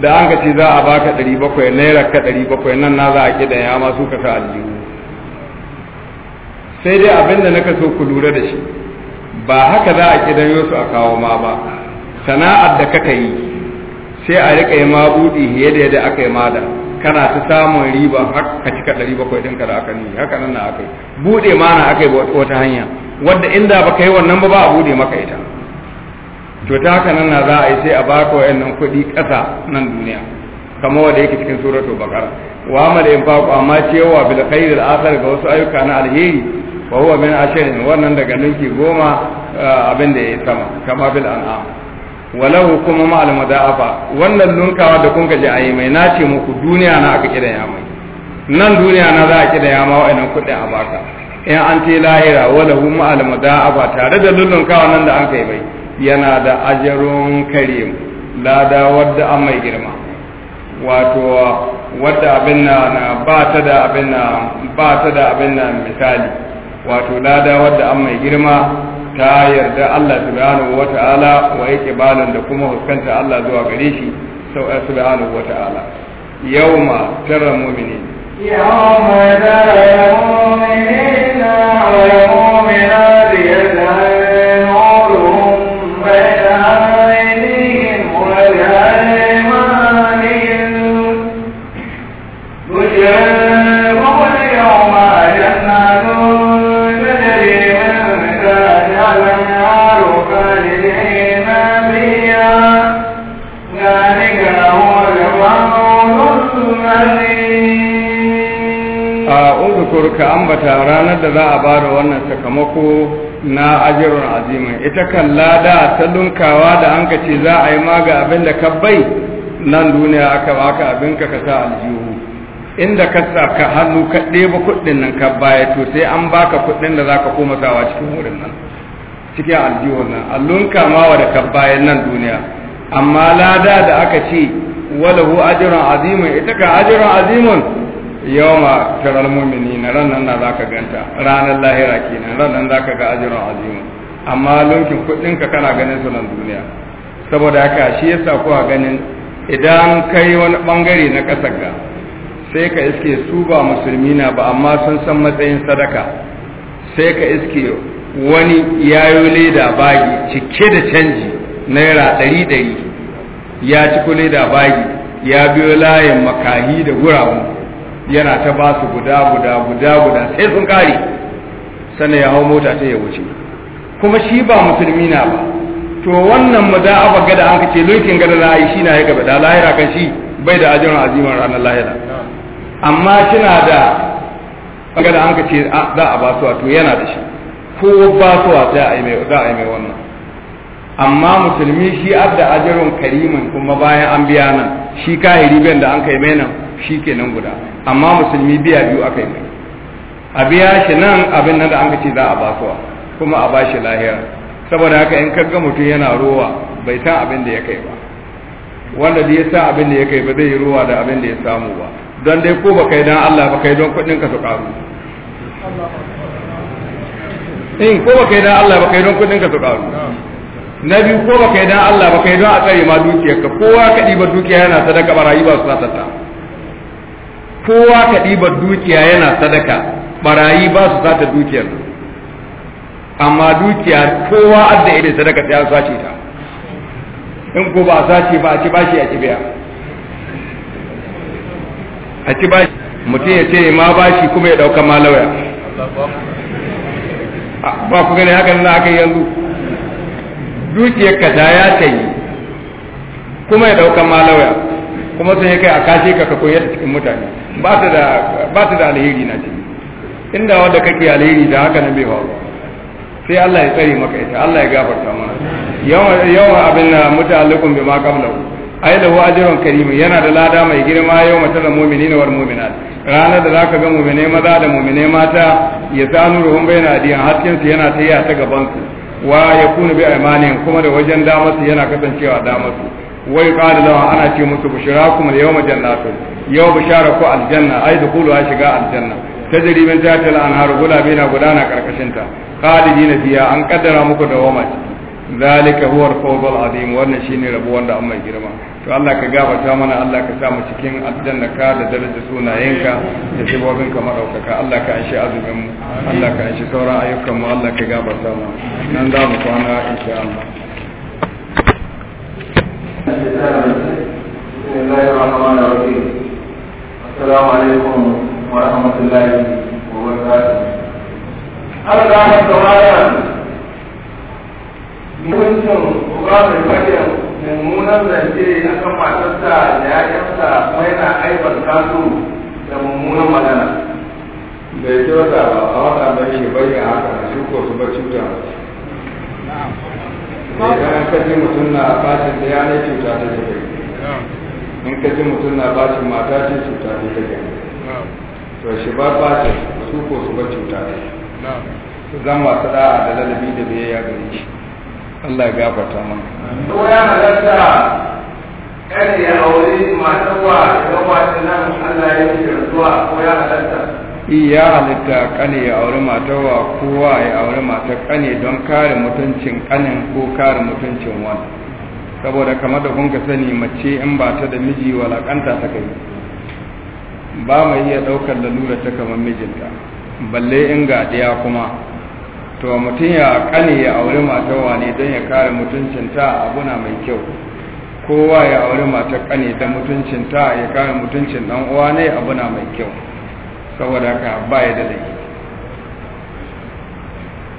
Speaker 2: da an ka ce za a baka 700 naira ka 700 nan na za a kida ya masu su ka sa aljihu sai dai abinda ka so ku lura da shi ba haka za a kidan yosu a kawo ma ba sana'ar da ka ka yi sai a rika yi mabudi fiye da yadda aka yi mada kana ta samun riba har ka cika ɗari bakwai ka da aka yi haka nan na aka yi buɗe ma na aka yi wata hanya wadda inda ba ka yi wannan ba ba a buɗe maka ita to ta haka nan na za a yi sai a baka wayannan kuɗi ƙasa nan duniya kama wanda yake cikin suratul baqara wa amal infaqu amma cewa bil khairil akhir ga wasu ayyuka na alheri wa huwa min ashirin wannan daga ninki goma eh, abin da ya sama kama bil an'am walahu kuma ma almadafa wannan lunkawa da kun gaji ayi mai nace muku duniya na aka kida ya mai nan duniya na za a kida ya ma wa'annan kuɗin a baka in an ce lahira walahu ma almadafa tare da lunkawa nan da an kai mai yana da ajarun karim lada wadda an mai girma
Speaker 1: wato wadda abin na ba ta da abin na ba ta da abin na misali wato lada wadda an mai girma
Speaker 2: ta yarda Allah subhanahu wa ta'ala wa yake da kuma huskanta Allah zuwa gare shi eh, subhanahu wa ta'ala yawma tarra mu'mini
Speaker 1: yawma tarra mu'minina wa
Speaker 2: ka ambata ranar da za a ba da wannan sakamako na ajirun azimin ita kan lada ta dunkawa da an ka ce za a yi ma ga abin da ka bai nan duniya aka baka abin ka ka sa aljihu inda ka sa ka hannu ka ɗeba kuɗin nan ka baya to sai an baka kuɗin da za ka koma sawa cikin wurin nan cikin aljihun nan a lunka mawa da ka baya nan duniya amma lada da aka ce walahu ajirun azimin ita ka ajirun azimin yawma taral mu'minina ranan na zaka ganta ranar lahira kenan ranan zaka ga ajrun azim amma lokin kudin ka kana ganin su nan duniya saboda haka shi yasa kuwa ganin idan kai wani bangare na kasar ga sai ka iske su ba musulmi na ba amma sun san matsayin sadaka sai ka iske wani yayo leda bagi cike da canji naira ɗari ɗari ya ci leda bagi ya biyo layin makahi da guramu yana ta ba su guda guda guda guda sai sun kare sannan ya hau mota ta ya wuce kuma shi ba musulmi na ba to wannan mu aba gada an kace lokin gada na ai shi na ya gaba da lahira kan shi bai da ajiyar aziman ranar lahira amma kina da gada an kace za a basuwa wato yana da shi ko basuwa su a yi mai wannan amma musulmi shi abda ajirun karimin kuma bayan an biya nan shi kahiri ben da an kai mai nan shi kenan guda amma musulmi biya biyu aka yi mai a biya shi nan abin nan da an ce za a basuwa kuma a bashi lahiya saboda haka in kaga mutum yana ruwa bai san abin da ya kai ba wanda da ya san abin da ya kai ba zai yi ruwa da abin da ya samu ba don dai ko ba kai don Allah ba kai don kuɗin ka su karu
Speaker 1: in ko ba kai don Allah ba kai don kuɗin
Speaker 2: ka su karu na biyu ko ba kai don Allah ba kai don a tsare ma dukiyarka kowa kadi ba dukiya yana sadaka barayi ba su tattara. kowa ka ɗibar dukiya yana sadaka barayi ba su sata dukiyar amma dukiya kowa adda irin sadaka ta sace ta in ko ba sace ba a ci bashi a ci biya a ci bashi mutum ya ce ma bashi kuma ya ɗauka ma lauya
Speaker 1: ba ku gani hakan
Speaker 2: na aka yanzu dukiyar ka ta ya ta yi kuma ya ɗauka ma lauya kuma sun yi kai a kashe ka ka koyar cikin mutane ba ta da alheri na cikin inda wanda kake alheri da haka nan bai faru sai Allah ya tsare maka ita Allah ya gafarta mana yawan abin na muta'alliqun ma qablahu ai lahu ajrun karim yana da lada mai girma yau mata da mu'minina wal mu'minat ranar da zaka ga mu'mine maza da mu'mine mata ya sanu ruhun baina adiyan hakkin su yana tayya ta gaban su wa yakunu bi aymanihim kuma da wajen damar su yana kasancewa damar su wai kada lawa ana ce musu bushrakum al yawan jannatu yau ko aljanna ai dukulu ha shiga aljanna tajri min tahtiha al-anhar gula na gudana karkashin ta khalidina biya an kaddara muku da wama zalika huwa al-fawz al-azim wannan shine rabo wanda amma girma to Allah ka gafarta mana Allah ka sa mu cikin aljanna ka da daraja sunayenka da sabobin ka madaukaka Allah ka anshi azumin mu Allah ka anshi sauran ayyukan mu Allah ka gafarta mana nan za mu kwana insha Allah
Speaker 1: بسم الله الرحمن الرحيم السلام عليكم ورحمة الله a kan matarsa da
Speaker 2: yayarsa kuma aibar da magana bai a bayyana haka shi ko su idan ka ji mutum na bacin da yana cuta ta take in ka ji mutum na bacin mata ce cuta ta take to shi ba bacin su ko su ba cuta ta zan masu da'a da lalabi da bai ya gani. shi Allah ya gafarta man to ya halatta kada ya aure mata wa da wata nan Allah ya
Speaker 1: yi zuwa ko ya halatta iya halitta kane ya auri matawa kowa ya auri matar kane don kare mutuncin kanin ko kare mutuncin
Speaker 2: wani saboda kamar da kun ka sani mace in ba ta da miji walakanta ta kai ba mai iya daukar lalura ta kamar mijinta balle in ga daya kuma to mutum ya kane ya auri matawa ne don ya kare mutuncinta abuna mai kyau kowa ya auri matar kane da mutuncinta ya kare mutuncin dan uwa ne abuna mai kyau saboda haka ba ya da laifi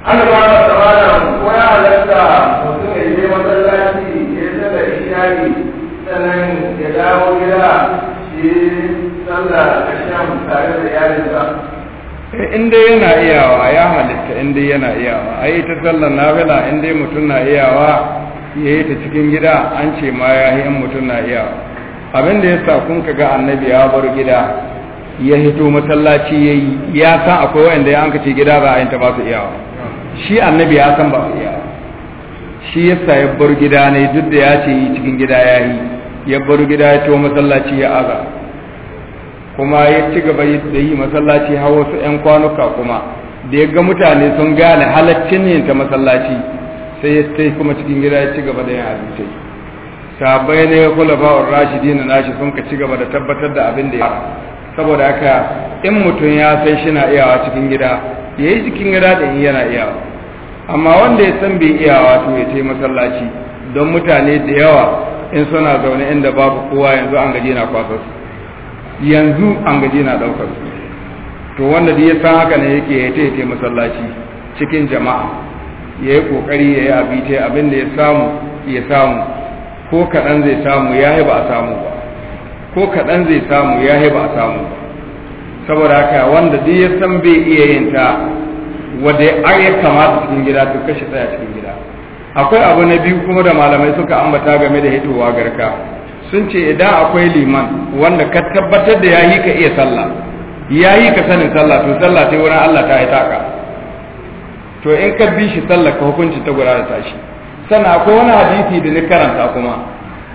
Speaker 2: Allah ba da tsawara ko ya halatta
Speaker 1: mutum ya je masallaci ya tsada iyali sannan ya dawo gida shi sallah a sham tare da iyalinsa
Speaker 2: in dai yana iyawa ya halitta in dai yana iyawa a yi ta sallar nafila in dai mutum na iyawa ya yi ta cikin gida an ce ma ya yi in mutum na iyawa abin da ya sa kun ka ga annabi ya bar gida ya hito masallaci ya yi ya san akwai wanda ya anka ce gida ba a yanta ba su iyawa shi annabi ya san ba su iyawa shi ya sa ya bar gida ne duk da ya ce yi cikin gida ya yi ya bar gida ya to masallaci ya aza kuma ya ci gaba da yi masallaci har wasu 'yan kwanuka kuma da ya ga mutane sun gane halaccin yin ta masallaci sai ya sai kuma cikin gida ya ci gaba da yin abincin sabai ne ya kula ba'ur rashidi na nashi sun ka ci gaba da tabbatar da abin da ya saboda haka in mutum ya san shi na iyawa cikin gida ya yi cikin gida da in yana iyawa amma wanda ya san bai iyawa to ya taimaka masallaci don mutane da yawa in suna zaune inda babu kowa yanzu an gaji na kwasa su yanzu an gaji na ɗaukar su to wanda da ya san haka ne yake ya taimaka masallaci cikin jama'a ya yi ƙoƙari ya yi abin da ya samu ya samu ko kaɗan zai samu ya yi ba a samu ba ko kaɗan zai samu ya ba a samu saboda haka wanda duk ya san bai iya yin ta wadda ya kamata cikin gida to kashi tsaya cikin gida akwai abu na biyu kuma da malamai suka ambata game da hitowa garka sun ce idan akwai liman wanda ka tabbatar da yayi ka iya sallah yayi ka sanin sallah to sallah sai wurin Allah ta aita ka to in ka bi shi sallah ka hukunci ta gura da tashi sannan akwai wani hadisi da ni karanta kuma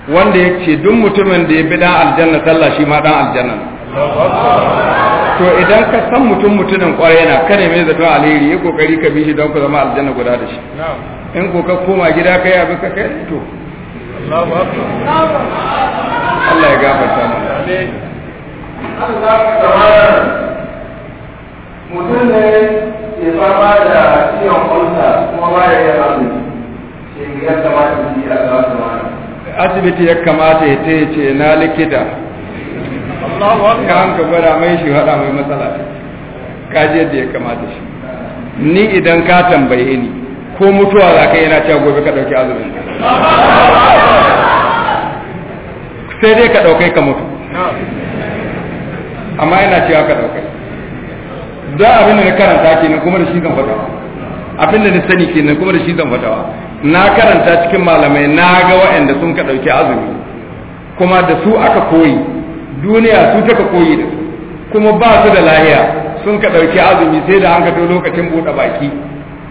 Speaker 2: wanda ya ce duk mutumin da ya bi dan aljanna sallah shi ma dan aljanna to idan ka san mutum mutumin kwarai yana kare mai zato alheri ya kokari ka bi shi don ku zama aljanna guda da shi in ko ka koma gida kai abin ka kai to Allah ya gafarta mu
Speaker 1: mutum ne ke fama da ciwon kuma ba ya yi abin shi ya kamata shi a zama asibiti ya kamata ya
Speaker 2: ta ce na likita
Speaker 1: ya ka gwada
Speaker 2: mai shi hada mai matsala kaji yadda ya kamata shi ni idan ka tambaye ni ko mutuwa za ka yana cewa gobe ka ɗauki azumi sai dai ka ɗaukai ka mutu amma yana cewa ka ɗaukai don abin da na karanta kenan kuma da shi zan fatawa abin da na sani kenan kuma da shi zan fatawa na karanta cikin malamai na ga wa'anda sun ka ɗauki azumi kuma da su aka koyi duniya su ka koyi da su kuma ba su da lahiya sun ka ɗauki azumi sai da an ka lokacin buɗe baki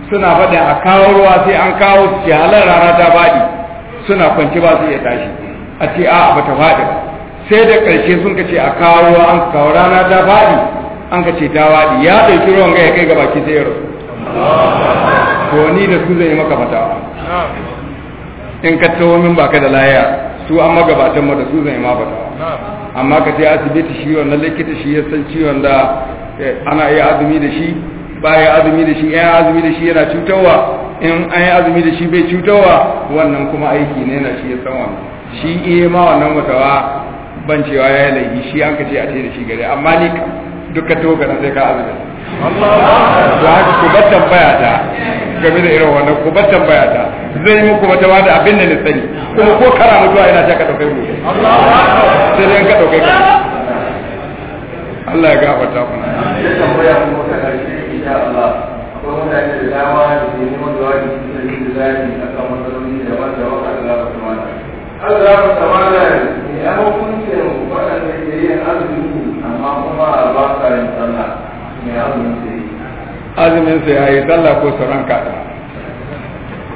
Speaker 2: suna faɗin a kawo ruwa sai an kawo su ce halar rana ta faɗi suna kwanci ba su iya tashi a ce a ba ta faɗi ba sai da ƙarshe sun ka ce a kawo ruwa an kawo rana ta faɗi an ka ce ta faɗi ya ɗauki ruwan ga ya kai ga baki sai ya rasu to ni da su zai maka fata in ka tawo min baka da lahiya su an magabatan ma da su zai ma fata amma ka je asibiti shi wanda likita shi ya san ciwon da eh, ana iya azumi da shi ba ya azumi da shi ya azumi da shi yana cutarwa in an yi azumi da shi bai cutarwa wannan kuma aiki ne na shi ya san wannan shi iya eh ma wannan mutawa ban cewa ya yi laifi shi an ka ce a ce da shi gare amma ni duka to ga sai ka azumi don haka ku bar tambaya ta game da irin wannan ku bar tambaya ta zai muku wata wada abin da ni sani kuma ko kara mutuwa ina ta ka daukai mu sai dai ka daukai ka Allah ya gafarta mana mutane da dama da
Speaker 1: ke neman da wani cikin da zai a kan matsaloli da wanda wata da zafa samana. Allah zafa samana ne ya hukuncin waɗanda ke yin azumi amma kuma ba sa yin sallah.
Speaker 2: azumin sa yayi sallah ko sauran kata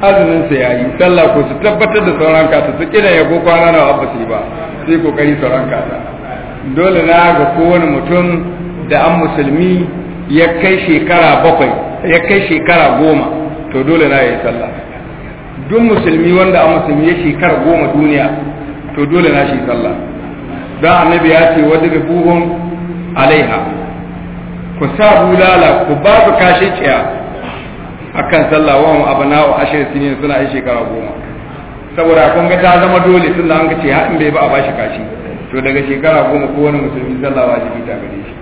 Speaker 2: azumin sa yayi sallah ko su tabbatar da sauran kata su kira ya ko kwana nawa abba sai ba sai kokari sauran kata dole na ga kowane mutum da an musulmi ya kai shekara bakwai ya kai shekara goma to dole na yi sallah duk musulmi wanda an musulmi ya shekara goma duniya to dole na shi sallah don annabi ya ce wadda buhun alaiha ku sa hulala ku ba su kashe ciya kan sallah wa mu abana wa ashir sinin suna yi shekara goma saboda kun ga ta zama dole sunna an ga ce in bai ba a bashi kashi to daga shekara goma ko wani musulmi sallah wajibi ta gare shi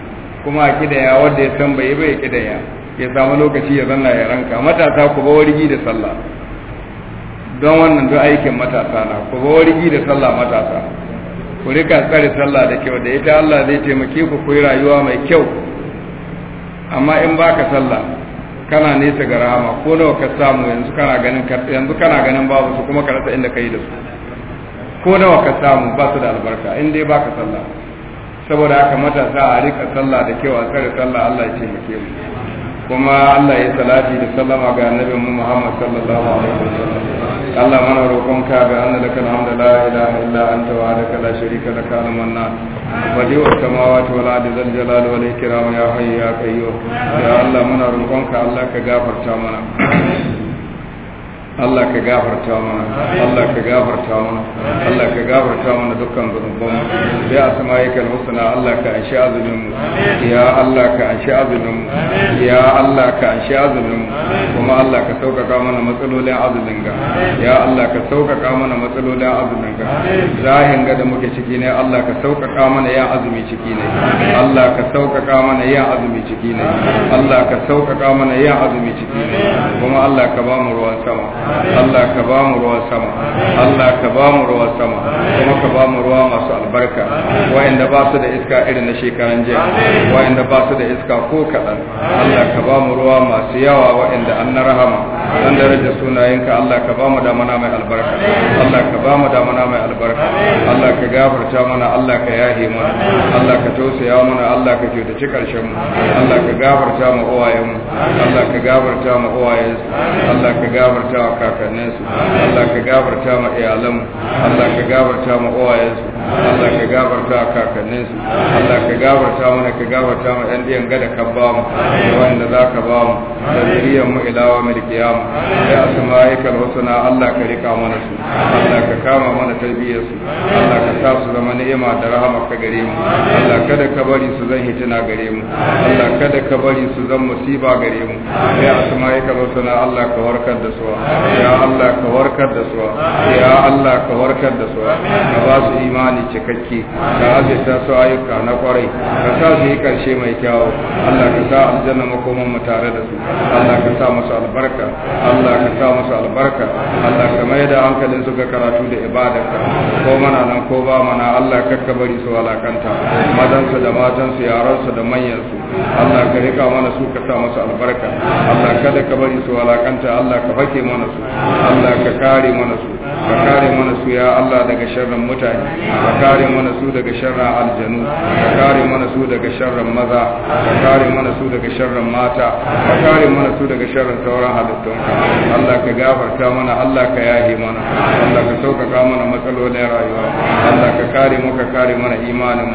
Speaker 2: kuma a kidaya wanda ya san bai bai kidaya ya samu lokaci ya zanna ya ranka matasa ku ba wargi da sallah don wannan duk aikin matasa na ku ba wargi da sallah matasa ku rika tsare sallah da kyau da ita Allah zai taimake ku ku yi rayuwa mai kyau amma in ba ka sallah kana nesa ga rahama ko nawa ka samu yanzu kana ganin yanzu kana ganin babu su kuma ka rasa inda kai da su
Speaker 1: ko nawa ka samu ba su da
Speaker 2: albarka in dai ba ka sallah saboda haka matasa a rika salla da kyau a tsare salla Allah ya ce mu kuma Allah ya salati da sallama ga annabin mu Muhammad sallallahu alaihi wasallam Allah mana roƙonka bi anna lakal hamdu la ilaha illa anta wa laka la sharika laka al mannan badiu samawati wal ardi zal jalal wal ikram ya hayyu ya qayyum ya Allah mana roƙonka Allah ka gafarta mana Allah ka gafarta mana Allah ka gafarta mana Allah ka gafarta mana dukkan zunuban mu ya asma'ikal husna Allah ka anshi azumin mu ya Allah ka anshi azumin mu ya Allah ka anshi azumin mu kuma Allah ka sauƙaƙa mana matsalolin azumin ga ya Allah ka sauƙaƙa mana matsalolin azumin ga zahin ga da muke ciki ne Allah ka sauƙaƙa mana ya azumi ciki ne Allah ka sauƙaƙa mana ya azumi ciki ne Allah ka sauƙaƙa mana ya azumi ciki ne kuma Allah ka ba mu ruwan sama Allah ka ba mu ruwan sama Allah ka ba mu ruwan sama kuma ka ba mu ruwa masu albarka wa'anda ba su da iska irin na shekaran jiya wa'anda ba su da iska ko kaɗan Allah ka ba mu ruwa masu yawa wa'anda an na rahama dan daraja sunayenka Allah ka ba mu da damana mai albarka Allah ka ba mu da damana mai albarka Allah ka gafarta mana Allah ka yahe mana Allah ka tausaya mana Allah ka kyautaci karshen mu Allah ka gafarta mu uwayen mu Allah ka gafarta mu uwayen Allah ka gafarta kakanninsu Allah ka gafarta ma iyalanmu Allah ka gafarta ma uwayensu Allah ka gafarta wa kakanninsu Allah ka gafarta mana ka gafarta ma ɗan ɗiyan gada ka ba mu wanda za ka ba mu da zuriyar mu ilawa mai kiyama ya wasu husna Allah ka rika mana su Allah ka kama mana tarbiyyarsu. Allah ka sa su zama ni'ima da rahama ka gare mu Allah kada ka bari su zan hitina gare mu Allah kada ka bari su zan musiba gare mu ya wasu husna Allah ka warkar da su ya Allah ka warkar da su ya Allah ka warkar da su ka ba su imani cikakke ka azirta su ayyuka na kwarai ka sa su yi karshe mai kyawu Allah ka sa aljanna makoman mu tare da su Allah ka sa musu albarka Allah ka sa musu albarka Allah ka mai da hankalin su ga karatu da ibadarka ko mana nan ko ba mana Allah ka bari su walakanta madansu da matansu yaransu da manyansu Allah ka rika mana su ka sa musu albarka Allah kada ka bari su walakanta Allah ka fake mana su Allah ka kare mana su ka kare mana su ya Allah daga sharrin mutane ka kare mana su daga sharrin aljanu ka kare mana su daga sharrin maza ka kare mana su daga sharrin mata ka kare mana su daga sharrin sauran halittun Allah ka gafarta mana Allah ka yahe mana Allah ka sauƙaƙa mana matsalolin rayuwa Allah ka kare mu ka kare mana imanin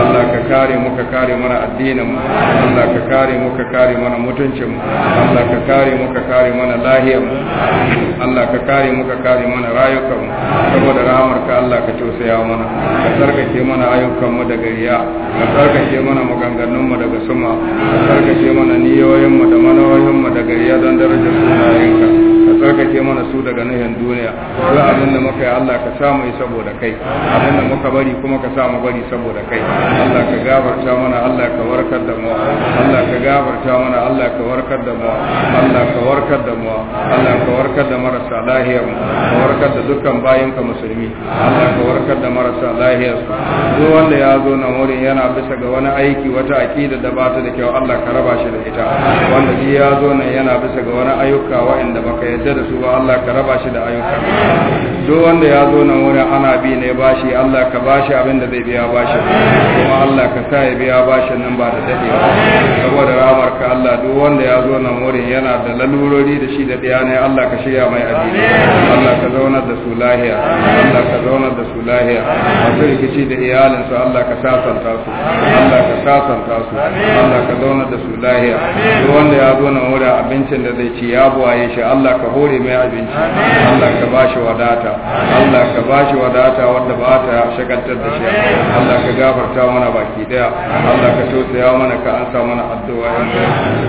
Speaker 2: Allah ka kare mu ka kare mana addinin Allah ka kare mu ka kare mana mutuncin Allah ka kare mu ka kare mana lahiyar Allah ka kare mu ka kare mana rayukan mu saboda rahamar ka Allah ka tausaya mana ka sarkake mana ayyukan mu daga riya ka sarkake mana maganganun mu daga suma ka sarkake mana niyoyin mu da manawoyin mu daga riya don darajar sunayenka ka sarkake mana su daga nahiyar duniya duk abin da muka yi Allah ka sa mu yi saboda kai abin da muka bari kuma ka sa mu bari saboda kai Allah ka gafarta mana Allah ka warkar da mu Allah ka gafarta mana Allah ka warkar da mu Allah ka warkar da mu Allah ka warkar warkar da marasa lahiyar ka warkar da dukkan bayan ka musulmi Allah ka warkar da marasa lahiyar duk wanda ya zo na wurin yana bisa ga wani aiki wata aqida da bata da kyau Allah ka raba shi da ita wanda shi ya zo nan yana bisa ga wani ayyuka waɗanda baka yarda da su ba Allah ka raba shi da ayyuka duk wanda ya zo nan wurin ana bi ne bashi Allah ka bashi abin da zai biya bashi kuma Allah ka sa ya biya bashin nan ba da dadewa albarka Allah duk wanda ya zo nan wurin yana da lalurori da shi da ɗaya ne Allah ka shirya mai addini Allah ka zauna da su lahiya Allah ka zauna da su lahiya masu rikici da iyalinsu Allah ka sasanta su Allah ka sasanta su Allah ka zauna da su lahiya duk wanda ya zo nan wurin abincin da zai ci ya buwaye shi Allah ka hore mai abinci Allah ka bashi wadata Allah ka bashi wadata wanda ba ta shagaltar da shi Allah ka gafarta mana baki daya Allah ka tausaya mana ka ansa mana addu'a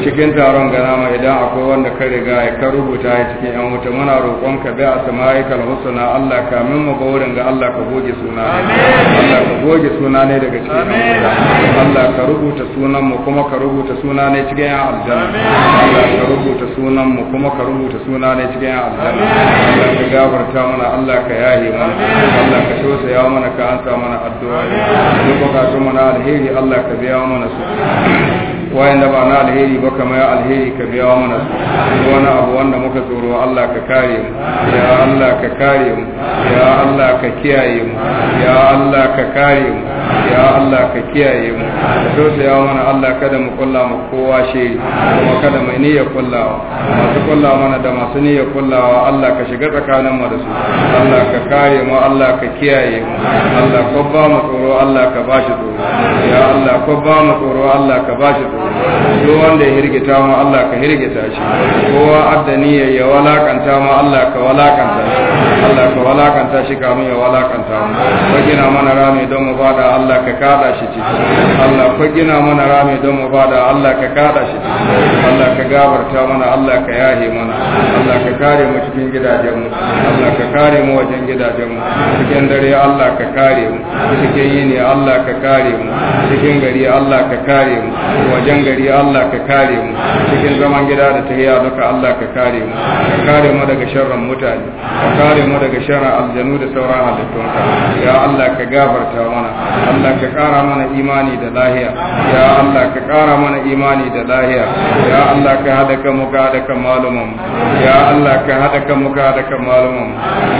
Speaker 2: cikin taron gana ma idan akwai wanda ka riga ya ka rubuta ya cikin yan wuta muna roƙon ka bi a samaikal na Allah ka min mu gaurin ga Allah ka goge suna Allah ka goge suna ne daga cikin Allah ka rubuta sunan mu kuma ka rubuta suna ne cikin yan aljanna Allah ka rubuta sunan mu kuma ka rubuta suna ne cikin yan aljanna Allah ka gafarta mana Allah ka yahe mana Allah ka ya mana ka ansa mana addu'a duk bukatun mana alheri Allah ka biya mana su wayanda ba na alheri ba kama ya alheri ka biya mana su wani abu wanda muka tsoro Allah ka kare mu ya Allah ka kare mu ya Allah ka kiyaye mu ya Allah ka kare mu ya Allah ka kiyaye mu ka ya mana Allah kada mu kulla mu kowa she kuma kada mai niyya kullawa masu kulla mana da masu niyya kullawa Allah ka shiga tsakanin mu da su Allah ka kare mu Allah ka kiyaye mu Allah ko ba mu tsoro Allah ka ba shi tsoro ya Allah ko ba mu tsoro Allah ka ba shi tsoro duk wanda ya hirgita mu Allah ka hirgita shi kowa niyya ya walakanta mu Allah ka walakanta shi Allah ka walakanta shi kamun ya walakanta mu bagina mana rami don mu bada Allah ka kada shi ciki Allah ka gina mana rami don mu bada Allah ka kada shi ciki Allah ka gabarta mana Allah ka yahe mana Allah ka kare mu cikin mu. Allah ka kare mu wajen mu. cikin dare Allah ka kare mu cikin yini Allah ka kare mu cikin gari Allah ka kare mu wajen gari Allah ka kare mu cikin zaman gida da tahiya duka Allah ka kare mu ka kare mu daga sharrin mutane ka kare mu daga sharrin aljanu da sauran ka ya Allah ka gabarta mana Allah ka ƙara mana imani da lahiya ya Allah ka ƙara mana imani da lahiya ya Allah ka hada ka muka da ka malumum ya Allah ka hada ka muka da ka malumum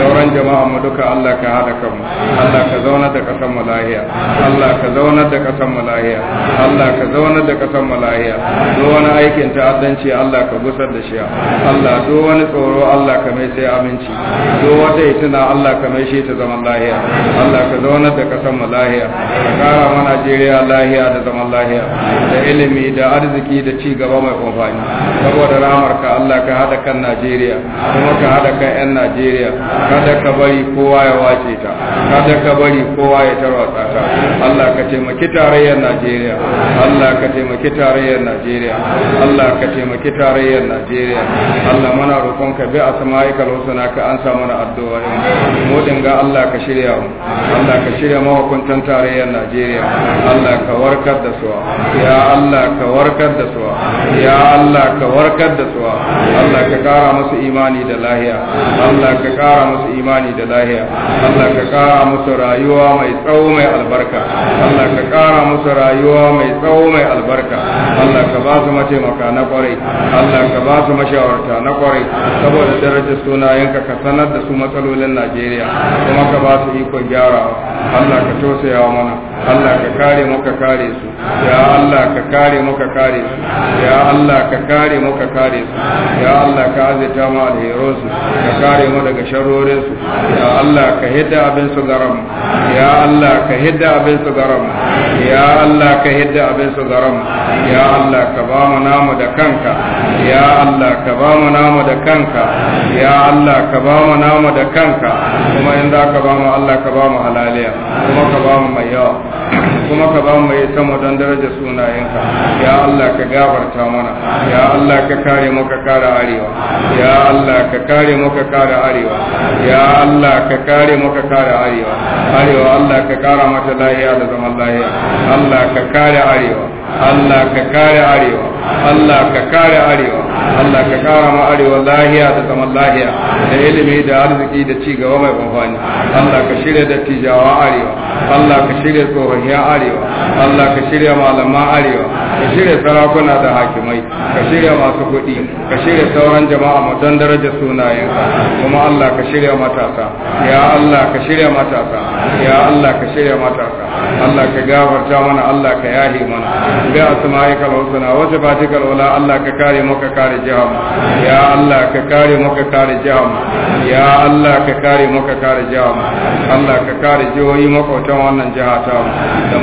Speaker 2: sauran jama'a mu duka Allah ka hada ka mu Allah ka zauna da kasan mu lahiya Allah ka zauna da kasan mu lahiya Allah ka zauna da kasan mu lahiya duk wani aikin ta'addanci Allah ka gusar da shi Allah duk wani tsoro Allah ka mai sai aminci duk wata itina Allah ka mai shi ta zaman lahiya Allah ka zauna da kasan mu lahiya kara ma Najeriya lahiya da zaman lahiya da ilimi da arziki da ci gaba mai amfani saboda ramar ka Allah ka hada kan Najeriya kuma ka hada kan yan Najeriya kada ka bari kowa ya wace ta kada ka bari kowa ya tarwatsa ta Allah ka taimaki tarayyar Najeriya Allah ka taimaki tarayyar Najeriya Allah ka taimaki tarayyar Najeriya Allah mana roƙon ka bi asma'ika husna ka ansa mana addu'a mu dinga Allah ka shirya mu Allah ka shirya mahukuntan tarayyar tarayyar Najeriya Allah ka warkar da suwa ya Allah ka warkar da suwa ya Allah ka warkar da suwa Allah ka kara musu imani da lahiya Allah ka kara musu imani da lahiya Allah ka kara musu rayuwa mai tsawo mai albarka Allah ka kara musu rayuwa mai tsawo mai albarka Allah ka ba su mataimaka na kwarai Allah ka ba su mashawarta na kwarai saboda darajar sunayenka ka sanar da su matsalolin Najeriya kuma ka ba su ikon gyarawa Allah ka tausaya wa mana Allah ka kare mu ka kare su ya Allah ka kare mu ka kare su ya Allah ka kare mu ka kare su ya Allah ka azita mu alherin su ka kare mu daga sharorin su ya Allah ka hidda abin su garam ya Allah ka hidda abin su garam ya Allah ka hidda abin su garam ya Allah ka ba mu namu da kanka ya Allah ka ba mu namu da kanka ya Allah ka ba mu namu da kanka kuma in za ka ba mu Allah ka ba mu halaliya kuma ka ba mu 哎呦！kuma ka ba mu yi sama don daraja sunayenka ya Allah ka gafarta mana ya Allah ka kare mu ka kare arewa ya Allah ka kare mu ka kare arewa ya Allah ka kare mu ka kare arewa arewa Allah ka kara mata lahiya da zaman lahiya Allah ka kare arewa Allah ka kare arewa Allah ka kare arewa Allah ka kara ma arewa lahiya da zaman lahiya da ilimi da arziki da ci gaba mai amfani Allah ka shirya da tijawa arewa Allah ka shirya tsohon ya arewa arewa Allah ka shirya malaman arewa ka shirya sarakuna da hakimai ka shirya masu kuɗi ka shirya sauran jama'a mu don daraja sunayenka kuma Allah ka shirya matasa ya Allah ka shirya matasa ya Allah ka shirya matasa Allah ka gafarta mana Allah ka yahi mana bi asma'ikal husna wa sifatikal ula Allah ka kare mu ka kare jahannam ya Allah ka kare mu ka kare jahannam ya Allah ka kare mu ka kare jahannam Allah ka kare jihohi makwatan wannan jihar ta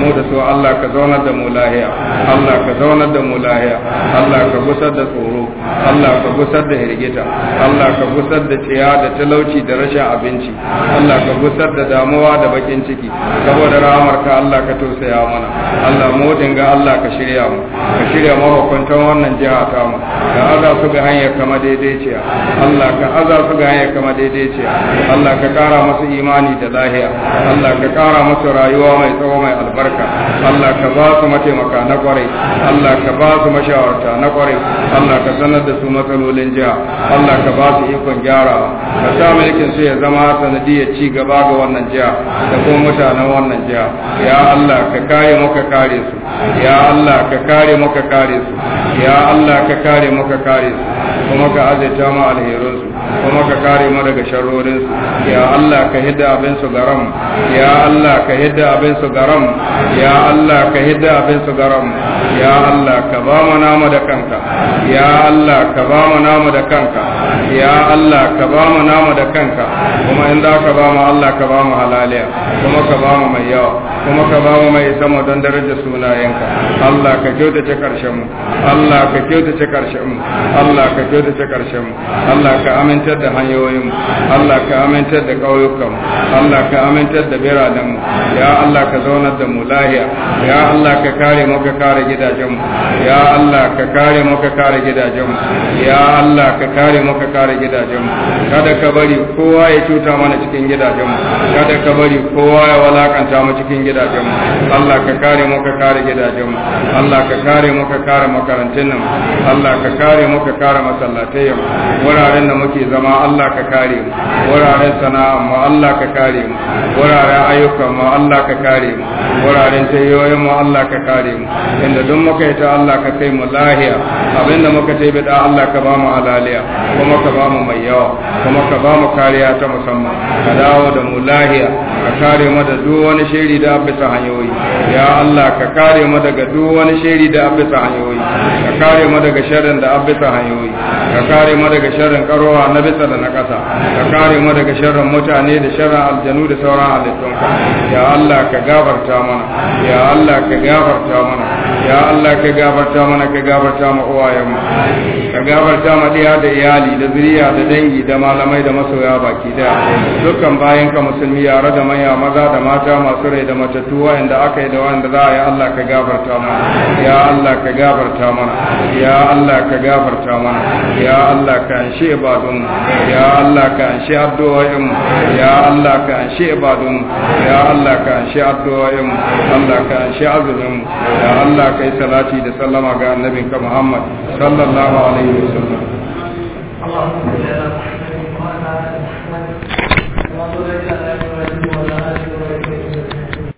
Speaker 2: mu da su Allah ka zaunar da mu lahiya Allah ka zaunar da mu lahiya Allah ka gusar da tsoro Allah ka gusar da hirgita Allah ka gusar da ciya da talauci da rashin abinci Allah ka gusar da damuwa da bakin ciki saboda rahamar ka Allah ka tausaya mana Allah mu dinga Allah ka shirya mu ka shirya mahukuntan wannan jiha ta mu ka aza su ga hanyar kama daidaiciya Allah ka aza su ga hanyar kama daidaiciya Allah ka kara musu imani da lahiya Allah ka kara musu rayuwa mai tsawo mai albarka Allah ka ba su mataimaka na kwarai Allah ka ba su mashawarta na kwarai Allah ka sanar da su matsalolin jiya Allah ka ba su ikon gyara ka sa mulkin su ya zama sanadiyar ci gaba ga wannan jiya da kuma mutanen wannan jiya ya Allah ka kare muka kare su ya Allah ka kare muka kare su ya Allah ka kare muka kare su kuma ka azaita mu alherin su kuma ka kare mu daga sharrorin su ya Allah ka hidda abin su garam ya Allah ka hidda abin su garam ya Allah ka hidda abin su garam ya Allah ka ba mu nama da kanka ya Allah ka ba mu namu da kanka ya Allah ka ba mu namu da kanka kuma in za ka ba mu Allah ka ba mu halaliya kuma ka ba mu mai yawa kuma ka ba mu mai sama don daraja sunayenka Allah ka ce karshen mu Allah ka ce karshen mu Allah ka ce karshen mu Allah ka amintar da hanyoyin mu Allah ka amintar da kauyukan mu Allah ka amintar da biranen mu ya Allah ka zaunar da mu lahiya ya Allah ka kare mu ka kare gidajen mu ya Allah ka kare mu ka kare gidajen gidajenmu ya Allah ka kare mu ka kare gidajenmu kada ka bari kowa ya cuta mana cikin gidajenmu kada ka bari kowa ya walakanta mu cikin gidajenmu Allah ka kare mu ka kare gidajenmu Allah ka kare mu ka kare makarantun nan Allah ka kare mu ka kare masallatai mu wuraren da muke zama Allah ka kare mu wuraren sana'a mu Allah ka kare mu wuraren ayyukan mu Allah ka kare mu wuraren tayoyin mu Allah ka kare mu inda duk muka yi ta Allah ka kai mu lahiya abinda muka ce sai da Allah ka ba mu alaliya kuma ka ba mu mai yawa kuma ka ba mu kariya ta musamman ka dawo da mu lahiya ka kare mu da duk wani shiri da abisa hanyoyi ya Allah ka kare mu daga duk wani shiri da abisa hanyoyi ka kare mu daga sharrin da abisa hanyoyi ka kare mu daga sharrin karowa na bisa da na kasa ka kare mu daga sharrin mutane da sharrin aljanu da sauran ka ya Allah ka gafarta mana ya Allah ka gafarta mana ya Allah ka gafarta mana ka gafarta mu uwayenmu ka gabata ma da iyali da zuriya da dangi da malamai da masoya baki da dukkan bayan ka musulmi ya da manya maza da mata masu rai da matattu wa'anda aka yi da wanda za a yi Allah ka gafarta mana ya Allah ka gafarta mana ya Allah ka gafarta mana ya Allah ka anshi ibadun ya Allah ka anshi addu'o'in ya Allah ka anshi ibadun ya Allah ka anshi addu'o'in Allah ka anshi azumin ya Allah kai salati da sallama ga annabinka Muhammad sallallahu sallallahu alaihi wasallam
Speaker 1: Allahumma salli ala Muhammad